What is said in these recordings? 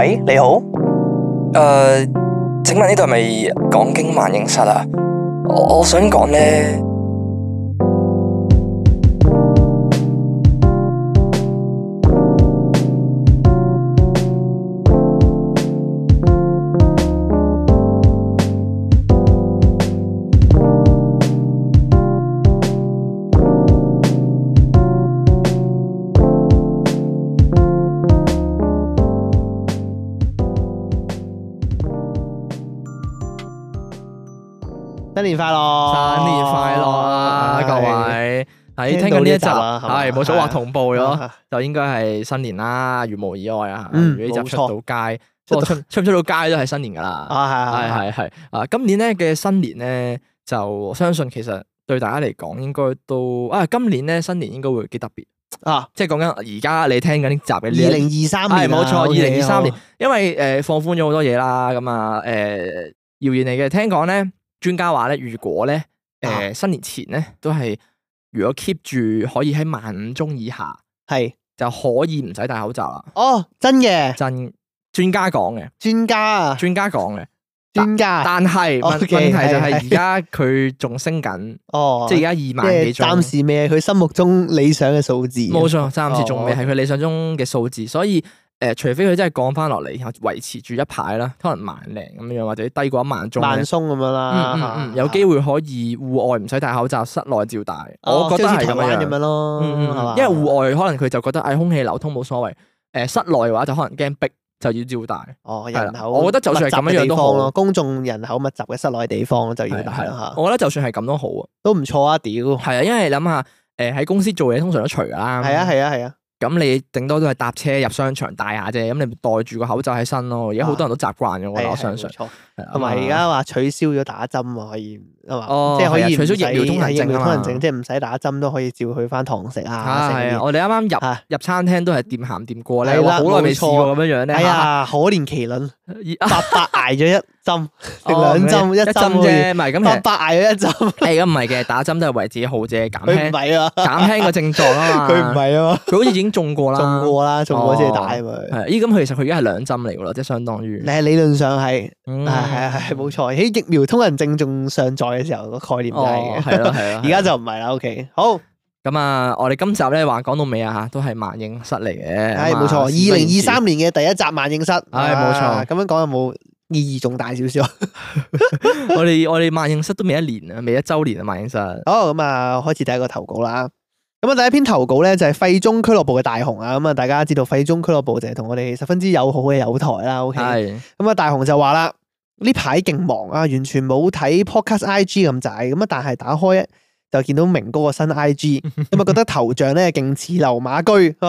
喂，hey，你好。誒、uh，請問呢度係咪講經萬應室啊？我我想講呢。呢一集係，冇錯，話同步咗就應該係新年啦，如無意外啊，嗯，冇錯，出唔出到街都係新年噶啦，啊，係係係啊，今年咧嘅新年咧，就相信其實對大家嚟講，應該都啊，今年咧新年應該會幾特別啊，即係講緊而家你聽緊呢集嘅二零二三年，冇錯，二零二三年，因為誒放寬咗好多嘢啦，咁啊，誒謠言嚟嘅，聽講咧專家話咧，如果咧誒新年前咧都係，如果 keep 住可以喺萬五中以下是，係就可以唔使戴口罩啦。哦，真嘅，真專家講嘅，專家啊，專家講嘅，專家。專家但係問題就係而家佢仲升緊，哦、 嗯，即係而家二萬幾。暫時未係佢心目中理想嘅數字。冇錯、嗯，暫時仲未係佢理想中嘅數字，所以。誒，除非佢真係降翻落嚟，然後維持住一排啦，可能萬零咁樣，或者低過一萬慢鬆萬鬆咁樣啦。嗯嗯嗯嗯、有機會可以戶外唔使戴口罩，室內照戴。哦、我覺得係咁樣，哦、樣咯，嗯、吧因為戶外可能佢就覺得誒空氣流通冇所謂。誒、呃，室內嘅話就可能驚逼，就要照戴。哦，人口我覺得就算咁樣好都好咯，公眾人口密集嘅室內地方就要戴。我覺得就算係咁都好，都唔錯啊屌。係啊，因為諗下，誒、呃、喺公司做嘢通常都除啦。係啊係啊係啊。咁你頂多都係搭車入商場戴下啫，咁你咪袋住個口罩喺身咯。而家好多人都習慣咗，我相信。同埋而家話取消咗打針啊，可以啊嘛，即係可以取消疫苗通行證，即係唔使打針都可以照去返堂食啊。我哋啱啱入入餐廳都係掂行掂過咧，好耐未試過咁樣咧。哎呀，可憐麒麟，白白捱咗一，針定兩針一針啫，唔係咁白白挨咗一針。誒，咁唔係嘅，打針都係為自己好啫減輕咪咯，減輕個症狀啊，佢唔係啊，佢好似已經中過啦，中過啦，中過先打佢。係咦？咁其實佢而家係兩針嚟嘅咯，即係相當於。你理論上係係係係冇錯。喺疫苗通行證仲上載嘅時候，個概念係嘅。係咯係咯。而家就唔係啦。O K，好。咁啊，我哋今集咧話講到尾啊吓，都係萬應室嚟嘅。係冇錯，二零二三年嘅第一集萬應室。係冇錯。咁樣講有冇。意義重大少少 我哋我哋萬應室都未一年啦，未一周年啊，萬應室。好，咁啊，開始第一個投稿啦。咁啊，第一篇投稿咧就係廢中俱樂部嘅大雄啊。咁啊，大家知道廢中俱樂部就係同我哋十分之友好嘅友台啦。OK? 是。咁啊，大雄就話啦，呢排勁忙啊，完全冇睇 Podcast I G 咁滯。咁啊，但係打開就見到明哥個新 I G，咁啊，覺得頭像咧勁似劉馬居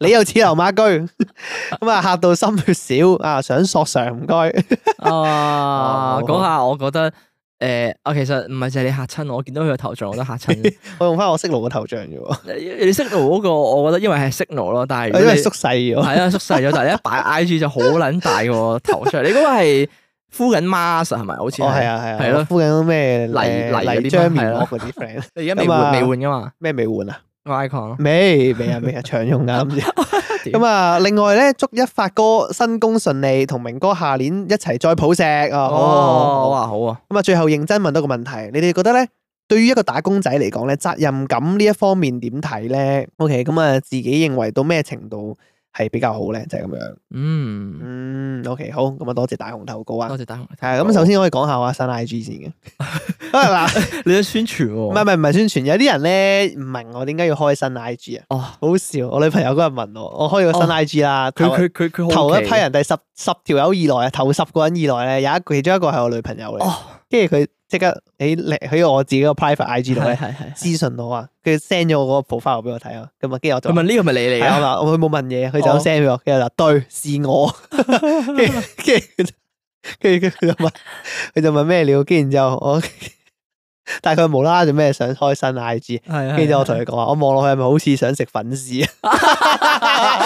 你又似流馬居，咁啊！嚇到心血少啊，想索償，唔該啊！講下，我覺得誒，我其實唔係淨係你嚇親我，見到佢個頭像我都嚇親。我用翻我色奴個頭像嘅喎，你色奴嗰個，我覺得因為係色奴咯，但係因為縮細咗，係啊縮細咗，但係一擺 I G 就好撚大個頭像。你嗰個係敷緊 mask 係咪？好似係啊係啊，係咯敷緊咩黎黎張面啲 friend。你而家未換未換噶嘛？咩未換啊？icon 咯，未未啊未啊，常用噶咁啊。 另外咧，祝一發哥新工順利，同明哥下年一齊再抱石啊。好啊、哦、好啊。咁啊，最後認真問多一個問題，你哋覺得咧，對於一個打工仔嚟講咧，責任感呢一方面點睇咧？OK，咁、嗯、啊，自己認為到咩程度？係比較好咧，就係、是、咁樣。嗯嗯，OK，好，咁啊，多謝大雄投稿啊，多謝大雄。係咁首先可以講下我新 I G 先嘅。嗱，你都宣傳喎？唔係唔係唔係宣傳，有啲人咧唔明我點解要開新 I G 啊？哦，好笑，我女朋友嗰日問我，我開咗新 I G 啦、哦。佢佢佢佢，頭一批人第十十條友以來啊，頭十個人以來咧，有一個其中一個係我女朋友嚟。哦，跟住佢。即刻，誒，喺我自己個 private IG 度咧，諮詢我啊，佢 send 咗我個 profile 俾我睇啊，咁啊，跟住我就佢問呢個咪你嚟啊嘛，我佢冇問嘢，佢就 send 咗我，跟住就對，是我，跟住跟住跟住，佢就問，佢就問咩料，跟住然之後我。但係佢無啦啦做咩想開新 I G，< 是的 S 2> 跟住是的 我同佢講話，我望落去係咪好似想食粉絲啊？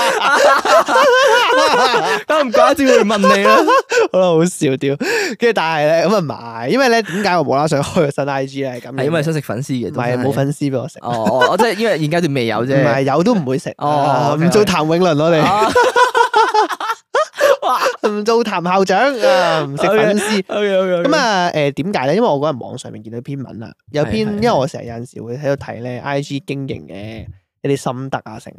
都唔怪之會問你啦，好啦，好笑屌。跟住但係咧，咁啊唔係，因為咧點解我無啦想開個新 I G 咧？咁係因為想食粉絲嘅，唔係冇粉絲俾我食。哦哦，即係因為而家段未有啫，唔係，有都唔會食。哦，唔、哦 okay, 做譚詠麟囉你。哦唔做譚校長啊，唔食粉絲。咁啊、okay, okay, okay, okay.，誒、呃，點解咧？因為我嗰日網上面見到篇文啦，有篇，是的是的因為我成日有陣時會喺度睇咧 I G 經營嘅一啲心得啊，成。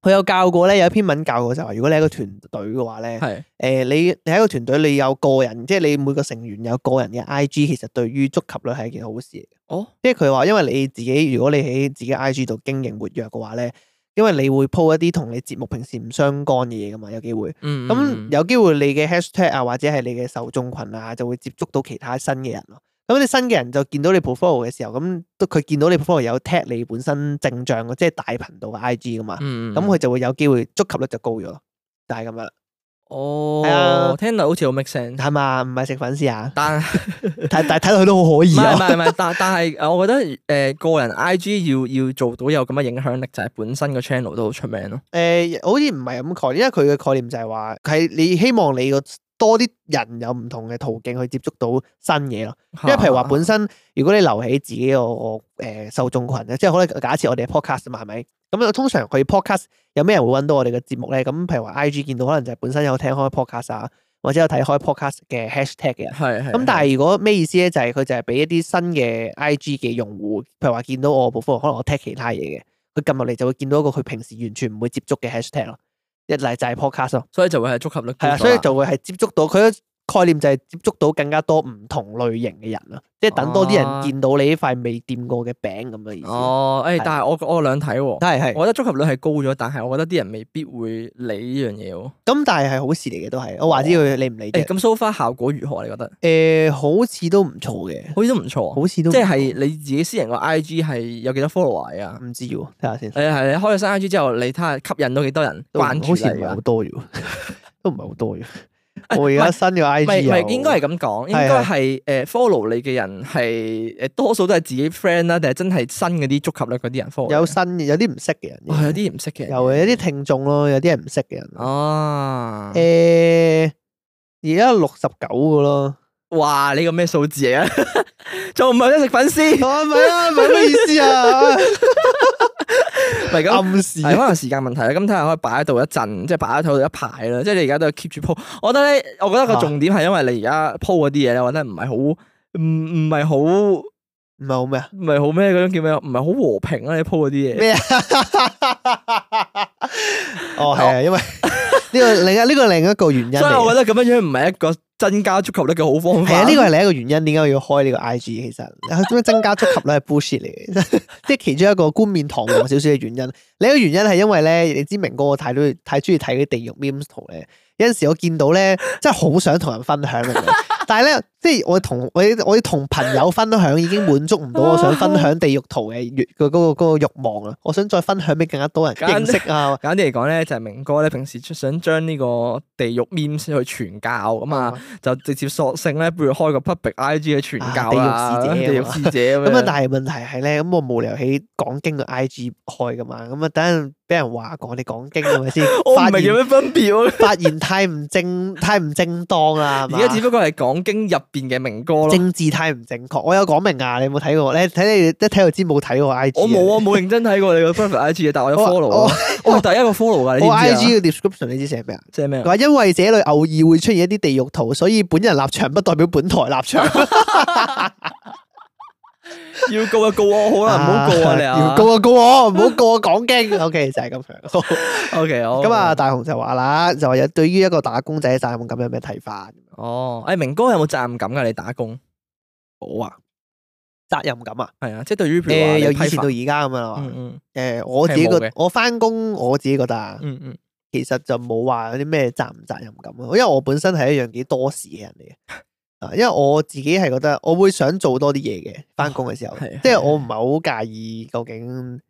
佢有教過咧，有一篇文教過就係、是，如果你係一個團隊嘅話咧，係的，誒、呃，你你喺一個團隊，你有個人，即係你每個成員有個人嘅 I G，其實對於觸及率係一件好事嚟嘅。哦，即係佢話，因為你自己如果你喺自己 I G 度經營活躍嘅話咧。因為你會 po 一啲同你節目平時唔相關嘅嘢噶嘛，有機會。咁有機會你嘅 hashtag 啊，或者係你嘅受眾群啊，就會接觸到其他新嘅人咯。咁、嗯嗯嗯、你新嘅人就見到你 profile 嘅時候，咁都佢見到你 profile 有 tag 你本身正像，即係大頻道嘅 IG 噶嘛。咁、嗯、佢、嗯嗯嗯、就會有機會觸及率就高咗咯。但係咁樣。哦，oh，聽到好似好 make sense，係嘛？唔係食粉絲啊？ 但但但睇落去都好可以啊！係唔係，但但係我覺得誒個人 I G 要要做到有咁嘅影響力，就係、是、本身個 channel 都好出名咯。誒、呃，好似唔係咁概念，因為佢嘅概念就係話，係你希望你個多啲人有唔同嘅途徑去接觸到新嘢咯。因為譬如話本身，如果你留喺自己個誒、呃、受眾群即係可能假設我哋 podcast 嘛，係咪？咁通常佢 podcast 有咩人會搵到我哋嘅節目咧？咁譬如話 I G 見到可能就係本身有聽開 podcast 啊，或者有睇開 podcast 嘅 hashtag 嘅人。係係。咁但係如果咩意思咧？就係、是、佢就係俾一啲新嘅 I G 嘅用戶，譬如話見到我部 phone，可能我聽其他嘢嘅，佢撳落嚟就會見到一個佢平時完全唔會接觸嘅 hashtag 咯。一嚟就係 podcast 咯，所以就會係觸合率係啊，所以就會係接觸到佢。概念就係接觸到更加多唔同類型嘅人啦，即係等多啲人見到你呢塊未掂過嘅餅咁嘅意思。哦，誒，但係我我兩睇喎，係係，我覺得觸及率係高咗，但係我覺得啲人未必會理呢樣嘢。咁但係係好事嚟嘅，都係。我話知佢理唔理。咁 so far 效果如何啊？你覺得？誒，好似都唔錯嘅，好似都唔錯，好似都即係你自己私人個 IG 係有幾多 follower 啊？唔知喎，睇下先。誒，係你開咗新 IG 之後，你睇下吸引到幾多人玩。好似唔係好多嘅，都唔係好多嘅。我而家新個 I G 唔係，應該係咁講，應該係誒 follow 你嘅人係誒的多數都係自己 friend 啦，定係真係新嗰啲觸及率嗰啲人 follow？有新嘅，哎，有啲唔識嘅人，有啲唔識嘅，有有啲聽眾咯，有啲係唔識嘅人。哦，誒、欸，而家六十九個咯。哇！你個咩數字嚟啊？仲唔係想食粉絲，我唔係啊，唔係咩意思啊？唔係咁暗示了，可能時間問題啦。咁睇下可以擺喺度一陣、就是，即係擺喺度一排啦。即係你而家都 keep 住 po 我覺得咧，我覺得個重點係因為你而家 po 嗰啲嘢咧，我覺得唔係好，唔唔係好。唔係好咩啊？唔係好咩嗰種叫咩？唔係好和平啊！你 po 嗰啲嘢咩？哦，係啊，因為呢、呢個另一呢個另一個原因， 所以我覺得咁樣樣唔係一個增加足球力嘅好方法。係啊，呢個係另一個原因，點解要開呢個 IG？其實增加足球力係 bullshit 嚟，嘅？即係其中一個冠冕堂皇少少嘅原因。 另一個原因係因為咧，你知明哥我太中太中意睇啲地獄 meme 圖咧，有陣時我見到咧，真係好想同人分享， 但係咧。即係我同我我啲同朋友分享已經滿足唔到我想分享地獄圖嘅欲、嗰個、啊、個欲望啊！我想再分享俾更加多人認識啊！簡單啲嚟講咧，就係、是、明哥咧平時想將呢個地獄面先去傳教咁啊，就直接索性咧不如開個 public I G 去傳教啊！地獄使者，地獄使者咁啊！ 但係問題係咧，咁我冇理由喺講經嘅 I G 開噶嘛？咁啊，等陣俾人話講你講經係咪先？發我唔明有咩分別咯？發現 太唔正太唔正當啊！而家只不過係講經入。變嘅名歌咯，政治太唔正確。我有講明啊，你有冇睇過？你睇你啲體育節冇睇過 I G？我冇啊，冇 認真睇過你個 p r i v a G，但係我 follow 我係第一個 follow 㗎。我，我 I G 嘅 description 你知寫咩啊？寫咩？佢話因為這裏偶爾會出現一啲地獄圖，所以本人立場不代表本台立場。 要告就告我好啦，唔好告啊你，啊。要告啊告我，唔好告啊講經，OK 就係咁樣，OK 好。咁啊，大雄就話啦，就話有對於一個打工仔責任感有咩睇法？哦，誒，明哥有冇責任感噶？你打工？我啊，責任感啊，係啊，即係對 report 又以前到而家咁啊誒，我自己覺我翻工，我自己覺得啊，嗯嗯，其實就冇話有啲咩責唔責任感啊。因為我本身係一樣幾多事嘅人嚟嘅。因為我自己係覺得，我會想做多啲嘢嘅，翻工嘅時候，哦、是是即係我唔係好介意究竟，誒、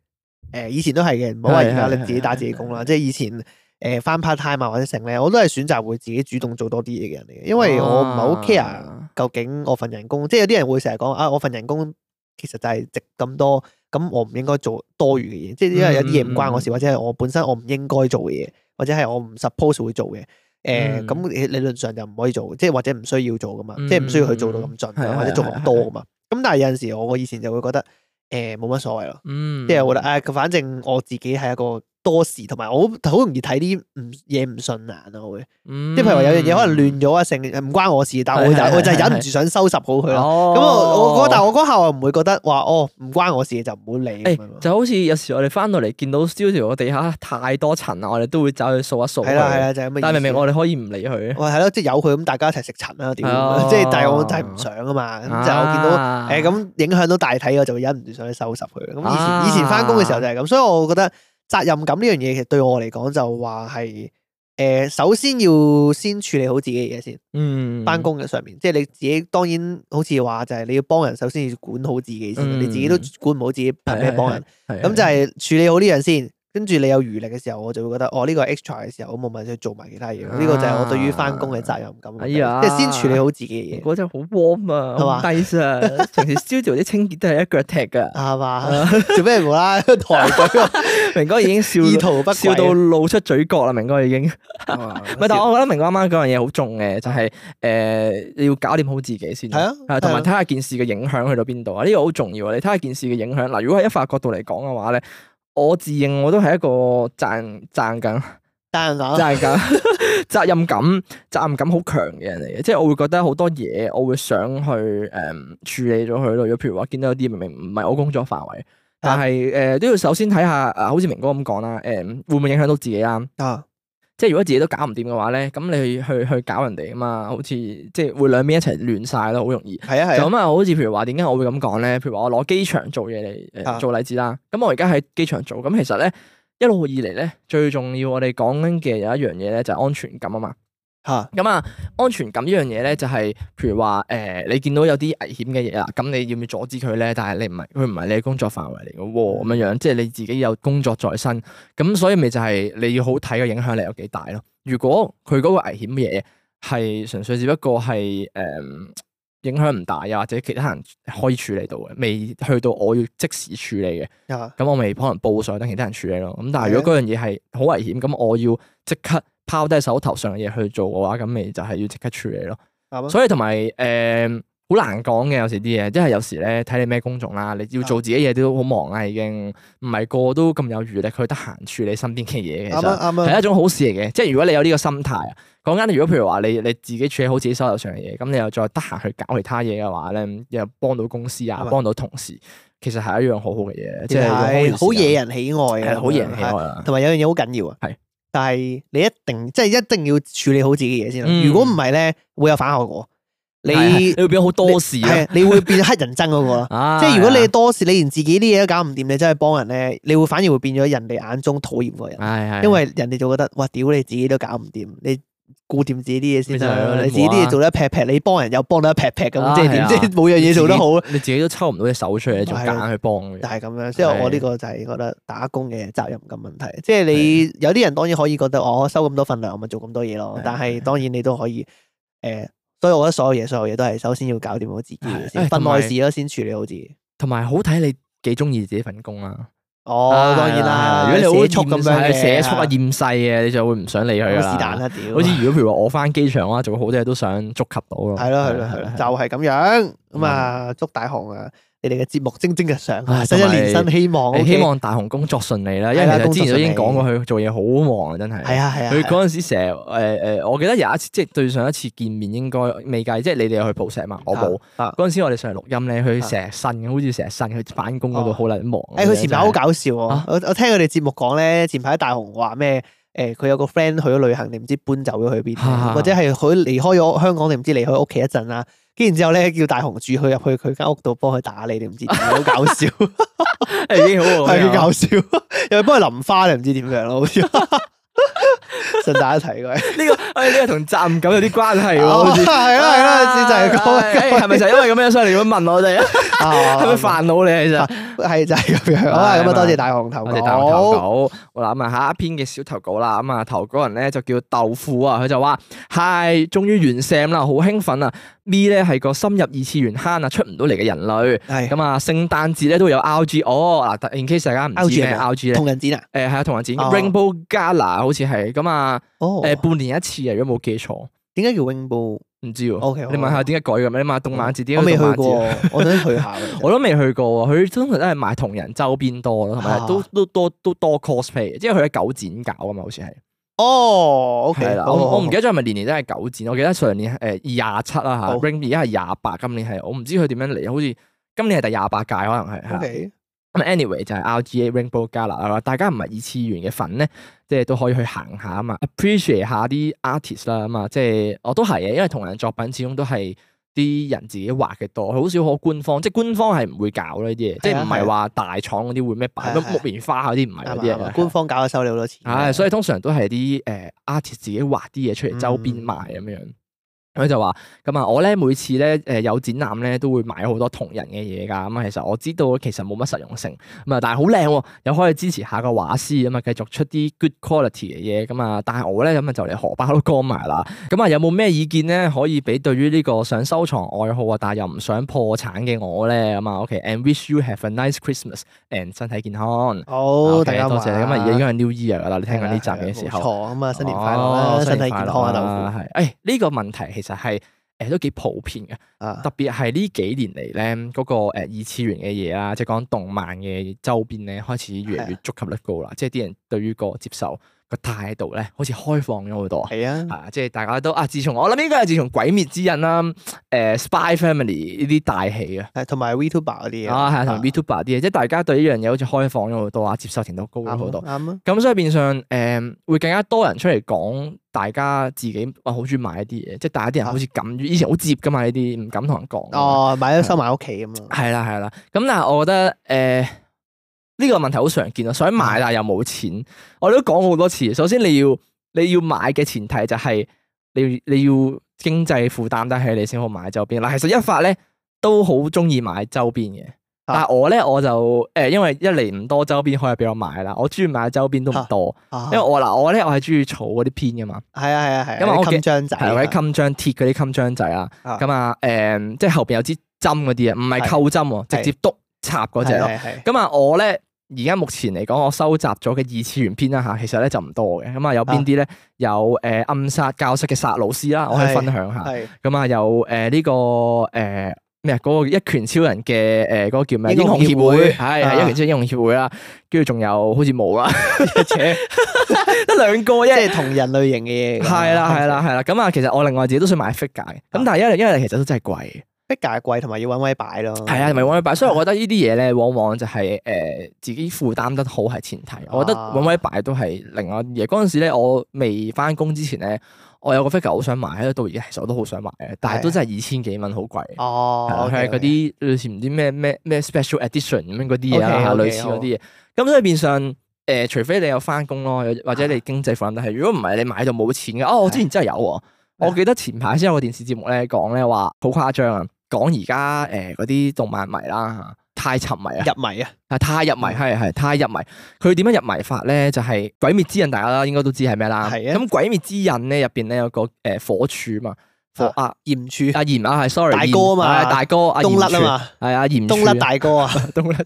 呃，以前都係嘅，唔好話而家你自己打自己工啦，即係以前誒翻、呃、part time 啊或者成咧，我都係選擇會自己主動做多啲嘢嘅人嚟嘅，因為我唔係好 care 究竟我份人工，即係有啲人會成日講啊，我份人工其實就係值咁多，咁我唔應該做多餘嘅嘢，即係因為有啲嘢唔關我事、嗯嗯，或者係我本身我唔應該做嘅嘢，或者係我唔 suppose 會做嘅。誒，咁、嗯嗯、理論上就唔可以做，即係或者唔需要做噶嘛，嗯、即係唔需要去做到咁盡啊，嗯、或者做咁多噶嘛。咁但係有陣時我以前就會覺得，誒、呃，冇乜所謂咯，即係我覺得，誒，嗯、反正我自己係一個。多事，同埋我好容易睇啲唔嘢唔順眼咯，會，即係譬如話有樣嘢可能亂咗啊，成唔關我事，但我就我就忍唔住想收拾好佢咯。咁我我但我嗰下我唔會覺得話，哦，唔關我事就唔好理。誒，就好似有時我哋翻到嚟見到 studio 個地下太多塵啊，我哋都會走去掃一掃。係啊係啊，但明明我哋可以唔理佢。係咯，即係有佢咁，大家一齊食塵啦。哦，即係但係我就係唔想啊嘛。就我見到誒咁影響到大體，我就忍唔住想去收拾佢。咁以前以前翻工嘅時候就係咁，所以我覺得。責任感呢樣嘢其實對我嚟講就話係誒，首先要先處理好自己嘅嘢先。嗯，返工嘅上面，即係你自己，當然好似話就係你要幫人，首先要管好自己先。嗯、你自己都管唔好自己，憑咩幫人？咁、嗯、就係處理好呢樣先。跟住你有餘力嘅時候，我就會覺得哦，呢、這個 extra 嘅時候，我冇問題做埋其他嘢。呢、這個就係我對於翻工嘅責任感，哎、呀即係先處理好自己嘅嘢。嗰真係好 warm 啊，係嘛吧？係啊。平時 studio 啲清潔都係一腳踢㗎，嘛吧？ 做咩無啦啦台鬼？ 明哥已經笑， 意圖笑到露出嘴角啦。明哥已經，唔係，但我覺得明哥啱啱嗰樣嘢好重嘅，就係、是、誒、呃、要搞掂好自己先。係啊的，同埋睇下件事嘅影響去到邊度啊？呢、這個好重要啊！你睇下件事嘅影響。嗱，如果喺一發角度嚟講嘅話咧。我自認我都係一個責任 責任感，責任感，責任感，好強嘅人嚟嘅，即係我會覺得好多嘢，我會想去誒、嗯、處理咗佢咯。如果譬如話見到有啲明明唔係我工作範圍，但係誒、呃、都要首先睇下，誒好似明哥咁講啦，誒會唔會影響到自己啊？啊即係如果自己都搞唔掂嘅話咧，咁你去去搞人哋啊嘛，好似即係會兩邊一齊亂晒咯，好容易。係啊係啊。咁 啊， 好似譬如話，點解我會咁講咧？譬如話我攞機場做嘢嚟、呃、做例子啦。咁、嗯、我而家喺機場做，咁其實咧一路以嚟咧，最重要我哋講緊嘅有一樣嘢咧，就係安全感啊嘛。吓咁啊，啊安全感樣呢樣嘢咧，就係、是、譬如話誒、呃，你見到有啲危險嘅嘢啊，咁你要唔要阻止佢咧？但係你唔係佢唔係你嘅工作範圍嚟嘅喎，咁、啊、樣樣即係你自己有工作在身，咁、啊、所以咪就係你要好睇個影響力有幾大咯。如果佢嗰個危險嘅嘢係純粹只不過係誒、啊、影響唔大，又或者其他人可以處理到嘅，未去到我要即時處理嘅，咁、啊、我咪可能報上去等其他人處理咯。咁但係如果嗰樣嘢係好危險，咁我要即刻。拋低手頭上嘅嘢去做嘅話，咁咪就係要即刻處理咯。嗎所以同埋誒，好、呃、難講嘅，有時啲嘢，即係有時咧，睇你咩工種啦。你要做自己嘢都好忙啦，嗎已經唔係個個都咁有餘力去得閒處理身邊嘅嘢嘅。啱啊，啱啊，係一種好事嚟嘅。即係如果你有呢個心態啊，講緊，如果譬如話你，你自己處理好自己手頭上嘅嘢，咁你又再得閒去搞其他嘢嘅話咧，又幫到公司啊，幫到同事，其實係一樣好好嘅嘢，嗎即係好惹人喜愛嘅，好嗎惹人喜愛。同埋嗎有樣嘢好緊要啊，係。但係你一定即係一定要處理好自己嘢先。嗯、如果唔係咧，會有反效果。你你會變好多事，你會變乞人憎嗰個 即係如果你多事，你連自己啲嘢都搞唔掂，你真係幫人咧，你會反而會變咗人哋眼中討厭嘅人。是的 因為人哋就覺得哇，屌你自己都搞唔掂你。顧掂自己啲嘢先，你自己啲嘢做得劈劈，你幫人又幫得劈劈咁，即係點即係冇樣嘢做得好。你自己都抽唔到隻手出嚟做揀去幫但係咁樣，即係我呢個就係覺得打工嘅責任嘅問題。即係你有啲人當然可以覺得，我收咁多份糧，我咪做咁多嘢咯。但係當然你都可以，誒，所以我覺得所有嘢，所有嘢都係首先要搞掂我自己嘅分內事咯，先處理好自己。同埋好睇你幾中意自己份工啊。哦，當然啦，啊、如果你好速咁樣，寫、啊、速啊，厭世嘅，你就會唔想理佢啦。好似、啊、如果譬如話我返機場啦， 就會好多嘢都想捉及到咯。係咯係咯係咯，了就係咁樣咁啊，祝大雄啊！你哋嘅節目蒸蒸日上，新一年新希望。你希望大雄工作順利啦，因為其實之前都已經講過，佢做嘢好忙啊，真係。係啊係啊，佢嗰陣時成日誒誒，我記得有一次，即係對上一次見面應該未計，即係你哋去抱石嘛，我冇。嗰陣時我哋上嚟錄音咧，佢成日呻，好似成日呻，佢翻工嗰度好撚忙。誒，佢前排好搞笑啊！我我聽佢哋節目講咧，前排大雄話咩？誒，佢、欸、有個 friend 去咗旅行，你唔知搬走咗去邊，啊、或者係佢離開咗香港，你唔知離開屋企一陣啦。跟住之後咧，叫大雄住佢入去佢間屋度幫佢打理，你唔知好 搞笑，已、 欸、好係幾 搞笑， 又去幫佢淋花，你唔知點樣咯。 實大家睇過呢個，哎呢個同責任感有啲關係喎。係啊係啊，就係講，係咪就因為咁樣所以你咁問我哋 啊？係咪煩惱你其咋？係就係咁樣。好啊，咁 啊是是 多謝大雄投稿。好，我諗問下一篇嘅小投稿啦。咁啊，投稿人咧就叫豆腐啊，佢就話：係終於完成啦，好興奮啊！B 咧係個深入二次元坑啊，出唔到嚟嘅人類。係咁啊，聖誕節咧都有 RG 哦。嗱，in case 大家唔知咪 RG 咧？同人展啊？誒係啊，同人展。Rainbow Gala 好似係咁啊。哦。誒半年一次啊，如果冇記錯。點解叫 Rainbow？唔知喎。O K。你問下點解改嘅咩？你問動漫節啲。我未去過，我想去下。我都未去過。佢通常都係賣同人周邊多咯，同埋都都多都多 cosplay。即係佢喺九展搞啊嘛，好似係。哦，OK 啦，我唔記得咗係咪年年都係九展，我記得上年誒廿七啦嚇，而家係廿八，27, 啊 oh. 28, 今年係我唔知佢點樣嚟，好似今年係第廿八屆可能係嚇。咁、啊、Okay. Anyway 就係 RGA Rainbow Gala 嘛，大家唔係二次元嘅粉咧，即係都可以去行，行、oh. 下啊嘛，appreciate 下啲 artist 啦嘛，即係我都係嘅，因為同人作品始終都係。啲人自己畫嘅多，好少可官方，即係官方係唔會搞呢啲嘢，啊、即係唔係話大廠嗰啲會咩擺乜木棉花嗰啲唔係，官方搞都收你好多錢。唉、啊，啊、所以通常都係啲誒 artist 自己畫啲嘢出嚟周邊賣咁樣。嗯佢就話咁啊，我咧每次咧誒有展覽咧都會買好多同人嘅嘢噶，咁啊其實我知道其實冇乜實用性，咁啊但係好靚，又可以支持下個畫師啊嘛，繼續出啲 good quality 嘅嘢咁啊，但係我咧咁啊就嚟荷包都乾埋啦，咁啊有冇咩意見咧可以俾對於呢個想收藏愛好啊，但係又唔想破產嘅我咧咁啊？OK，and wish you have a nice Christmas，and 身體健康，好，oh, Okay, 大家多謝，咁啊而家已經係 New Year 噶啦，你聽緊呢集嘅時候，唔錯，咁啊新年快樂、哦、身體健康啊，康豆腐係，誒呢、哎呢個問題。其實係誒都幾普遍嘅，uh, 特別係呢幾年嚟咧，嗰個、呃、二次元嘅嘢啦，即係講動漫嘅周邊咧，開始越嚟越觸及率高啦，uh, 即係啲人對於個接受個態度咧，好似開放咗好多係是啊，即係大家都啊，自從我諗應該係自從《鬼滅之刃》啦，誒《Spy Family》呢啲大戲啊，同埋 Vtuber 啲啊，係同 Vtuber 啲嘅，啊、即係大家對呢樣嘢好似開放咗好多啊，接受程度高咗好多。啱咁、啊啊、所以變相誒、呃，會更加多人出嚟講，大家自己啊好中意買一啲嘢，即係大家啲人好似敢，啊、以前好接噶嘛呢啲，唔敢同人講。哦，買咗收埋屋企咁樣！係啦係啦，咁但嗱，我覺得誒。呃呢個問題好常見啊！想買但又冇錢，嗯、我哋都講好多次。首先你要你要買嘅前提就係你要你要經濟負擔得起，你先好買周邊。嗱，其實一發咧都好中意買周邊嘅，但係我咧我就誒、嗯，因為一嚟唔多周邊可以俾我買啦，我中意買周邊都唔多，嗯啊啊、因為我嗱我咧我係中意儲嗰啲片嘅嘛，係、嗯嗯、啊係啊係，因為襟章仔，係嗰啲襟章鐵嗰啲襟章仔、嗯哦、啊。咁啊誒，即係後邊有支針嗰啲啊，唔係扣針喎，直接篤插嗰隻咯，咁啊我咧。而家目前嚟講，我收集咗嘅二次元篇啦吓，其實咧就唔多嘅。咁啊，有邊啲咧？有誒暗殺教室嘅殺老師啦，我可以分享下。係咁啊，有誒呢個誒咩啊？嗰個一拳超人嘅誒嗰個叫咩？英雄協會係，係一拳超人英雄協會啦。跟住仲有好似冇啦，而且得兩個，因為同人類型嘅。係啦，係啦，係啦。咁啊，其實我另外自己都想買 figure 咁但係因為因為其實都真係貴。figure 貴，同埋要揾位擺咯。係啊，係咪揾位擺，所以我覺得呢啲嘢咧，往往就係、是、誒、呃、自己負擔得好係前提。啊、我覺得揾位擺都係另外一樣嘢。嗰陣時咧，我未翻工之前咧，我有個 figure 好想買，喺度到而家，其實我都好想買嘅，但係都真係二千幾蚊，好貴。哦，係嗰啲類似唔知咩咩咩 special edition 咁樣嗰啲嘢啊，類似嗰啲嘢。咁所以變相誒、呃，除非你有翻工咯，或者你經濟負擔係。如果唔係，你買到冇錢嘅。哦，我之前真係有，的的我記得前排先有個電視節目咧講咧話好誇張啊！講而家誒嗰啲動漫迷啦吓，太沉迷啊，入迷啊，係太入迷，係係太入迷。佢點樣入迷法咧？就係《鬼滅之刃》大家啦，應該都知係咩啦。係啊。咁《鬼滅之刃》咧入邊咧有個誒火柱嘛，火阿炎柱，阿炎啊係，sorry，大哥嘛，大哥阿冬甩嘛，係阿炎冬甩大哥啊，冬甩。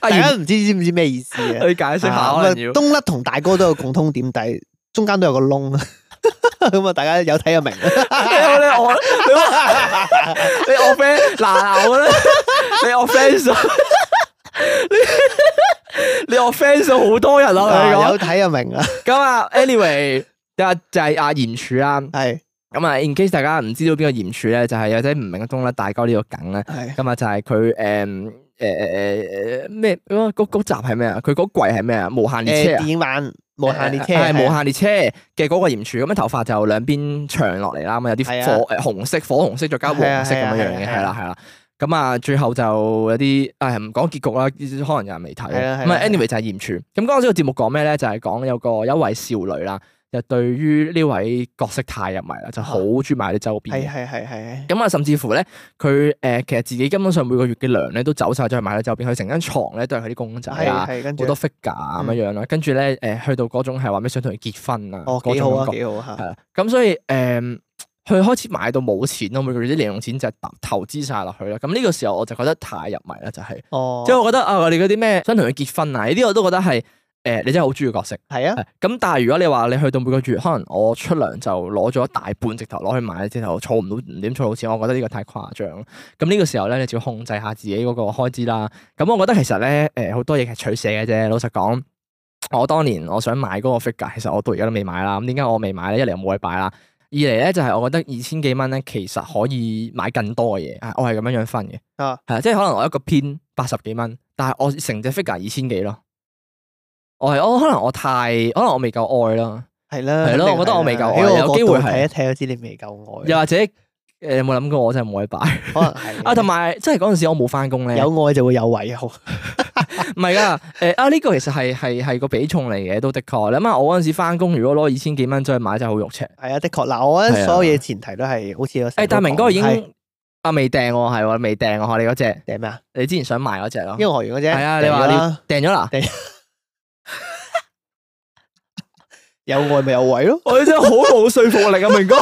大家唔知知唔知咩意思？去解釋下。冬甩同大哥都有共通點，但係中間都有個窿。咁啊，大家有睇就明。你我你我你我 friend 嗱嗱我咧，你我 friend 咗，你我 friend 咗好多人啦。有睇就明啦。咁啊，anyway，等下就係阿炎柱啦。係咁啊，in case 大家唔知道邊個炎柱咧，就係有啲唔明東咧，大交呢個梗咧。係咁啊，就係佢誒誒誒誒咩？嗰嗰集係咩啊？佢嗰季係咩啊？無限列車電影版。無限列車係無限列車嘅嗰個炎柱，咁啊頭髮就兩邊長落嚟啦，咁啊有啲火誒紅色、火紅色，再加黃色咁樣樣嘅，係啦係啦，咁啊最後就有啲誒唔講結局啦，可能有人未睇，咁啊 anyway 就係炎柱，咁嗰個節目講咩咧？就係講有個一位少女啦。就對於呢位角色太入迷啦，就好中意買啲周邊嘅，係係係咁啊，甚至乎咧，佢、呃、誒其實自己根本上每個月嘅糧咧都走晒咗去買啲周邊，佢成間床咧都係佢啲公仔，係跟住好多 figure 咁樣樣啦。跟住咧誒，去到嗰種係話咩想同佢結婚啊？哦，幾好啊，幾好啊，係啊。咁所以誒，佢、呃、開始買到冇錢咯，每個月啲零用錢就投資晒落去啦。咁呢個時候我就覺得太入迷啦，就係哦。即係我覺得啊，你嗰啲咩想同佢結婚啊？呢啲我都覺得係。誒、欸，你真係好中意角色，係啊。咁但係如果你話你去到每個月，可能我出糧就攞咗大半隻頭，攞去買隻頭，儲唔到，唔點儲到錢，我覺得呢個太誇張。咁呢個時候咧，你就要控制下自己嗰個開支啦。咁我覺得其實咧，誒、欸，好多嘢係取捨嘅啫。老實講，我當年我想買嗰個 figure，其實我到而家都未買啦。咁點解我未買咧？一嚟我冇去擺啦，二嚟咧就係、是、我覺得二千幾蚊咧，其實可以買更多嘅嘢。我係咁樣樣分嘅、啊，即係可能我一個 pin 八十幾蚊，但係我成隻 figure 二千幾咯。我可能我太，可能我未夠愛啦。係啦，係咯，我覺得我未夠愛。有機會睇一睇，我知你未夠愛。又或者，誒，有冇諗過我真係冇去擺？可能係啊，同埋，即係嗰陣時我冇翻工咧。有愛就會有位，好唔係噶？誒啊，呢個其實係係係個比重嚟嘅，都的確。你諗下，我嗰陣時翻工，如果攞二千幾蚊出去買，真係好肉赤。係啊，的確。嗱，我得所有嘢前提都係好似個。大明哥已經啊未訂，係我未訂啊。你嗰隻訂咩啊？你之前想買嗰隻咯？因樂學院嗰隻係啊，你話訂咗啦？有愛咪有位咯，我真係好冇說服力啊，明哥。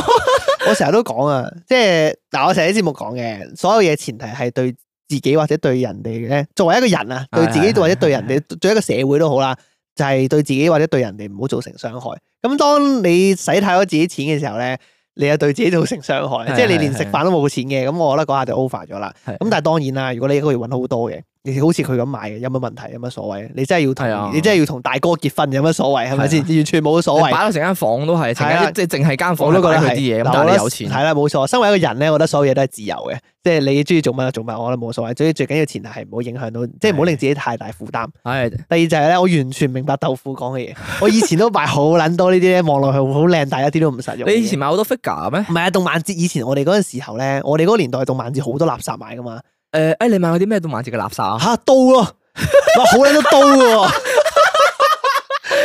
我成日都講啊，即係，但我成日喺節目講嘅，所有嘢前提係對自己或者對人哋咧，作為一個人啊，對自己或者對人哋，做一個社會都好啦，就係對自己或者對人哋唔好造成傷害。咁當你使太多自己錢嘅時候咧，你就對自己造成傷害， 即係你連食飯都冇錢嘅，咁 我覺得嗰下就 over 咗啦。咁 但係當然啦，如果你一個月搵好多嘅。你好似佢咁買嘅，有乜問題？有乜所謂？你真係要同你真係要同大哥結婚，有乜所謂？係咪先？完全冇所謂。擺到成間房都係，即係淨係間房。都覺得佢啲嘢，但係有錢。係啦，冇錯。身為一個人咧，我覺得所有嘢都係自由嘅。即係你中意做乜就做乜，我諗冇所謂。最最緊要前提係唔好影響到，即係唔好令自己太大負擔。係。第二就係咧，我完全明白豆腐講嘅嘢。我以前都買好撚多呢啲咧，望落去好靚，但一啲都唔實用。你以前買好多 figure 咩？唔係啊，動漫節以前我哋嗰陣時候咧，我哋嗰個年代動漫節好多垃圾買噶嘛。誒，哎，你買嗰啲咩動漫節嘅垃圾啊？吓刀喎。哇，好靚嘅刀嘅喎，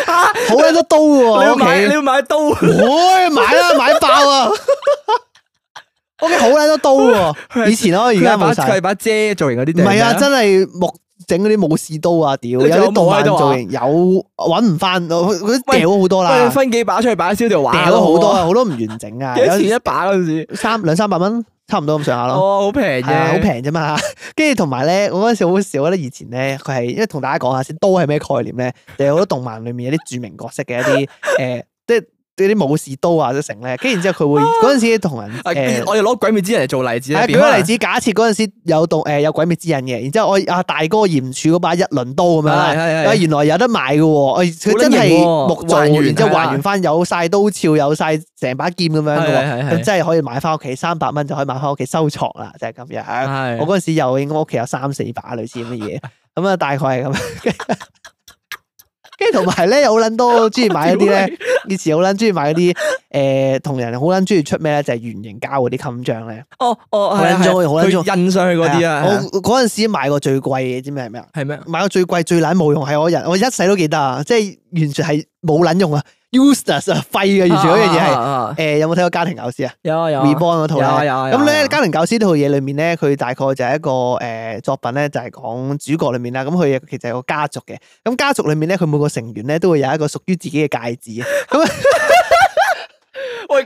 好靚嘅刀嘅喎，你要買你要買刀，會買啦，買爆啊！OK，好靚嘅刀喎，以前咯，而家冇晒，係把遮造型嗰啲，唔係啊，真係木。整嗰啲武士刀啊，屌有啲動漫造型，有揾唔翻，嗰啲掉好多啦。分幾把出去擺喺燒條玩，掉好多，好多唔完整啊！幾錢一把嗰陣時，三兩三百蚊，差唔多咁上下咯。哦，好平啫，好平啫嘛。跟住同埋咧，我嗰陣時好少我覺得以前咧佢係，因為同大家講下先，刀係咩概念咧？就係、是、好多動漫裏面有啲著名角色嘅一啲，誒、 呃，即係。啲啲武士刀啊，啲成咧，跟住然之後佢會嗰陣時同人誒，我哋攞鬼滅之刃嚟做例子咧。舉個例子，假設嗰陣時有棟誒有鬼滅之刃嘅，然之後我阿大哥炎柱嗰把一輪刀咁樣原來有得賣嘅。佢真係木做，完之後還原翻有晒刀鞘，有晒成把劍咁樣嘅，真係可以買翻屋企，三百蚊就可以買翻屋企收藏啦。就係咁樣我嗰陣時又應該屋企有三四把類似咁嘅嘢，咁啊大概係咁。跟住同埋咧，又好捻多中意買一啲咧， 以前好捻中意買一啲誒，同人好捻中意出咩咧，就係圓形膠嗰啲襟章咧、哦。哦哦，好捻中意，好捻中意，佢印上去嗰啲啊！的我嗰陣時買過最貴嘅，知唔係咩啊？係咩？買過最貴最捻冇用，係我人，我一世都記得啊！即係完全係冇捻用啊！S u ess, 啊啊啊 s 啊廢嘅完全嗰樣嘢係，誒，有冇睇過家庭教師？有啊有有，有、啊、Reborn 嗰套有啊有咁、啊、咧、啊、家庭教師呢套嘢裏面咧，佢大概就係一個誒作品咧，就係講主角裏面啦，咁佢其實係個家族嘅，咁家族裏面咧，佢每個成員咧都會有一個屬於自己嘅戒指咁。 喂，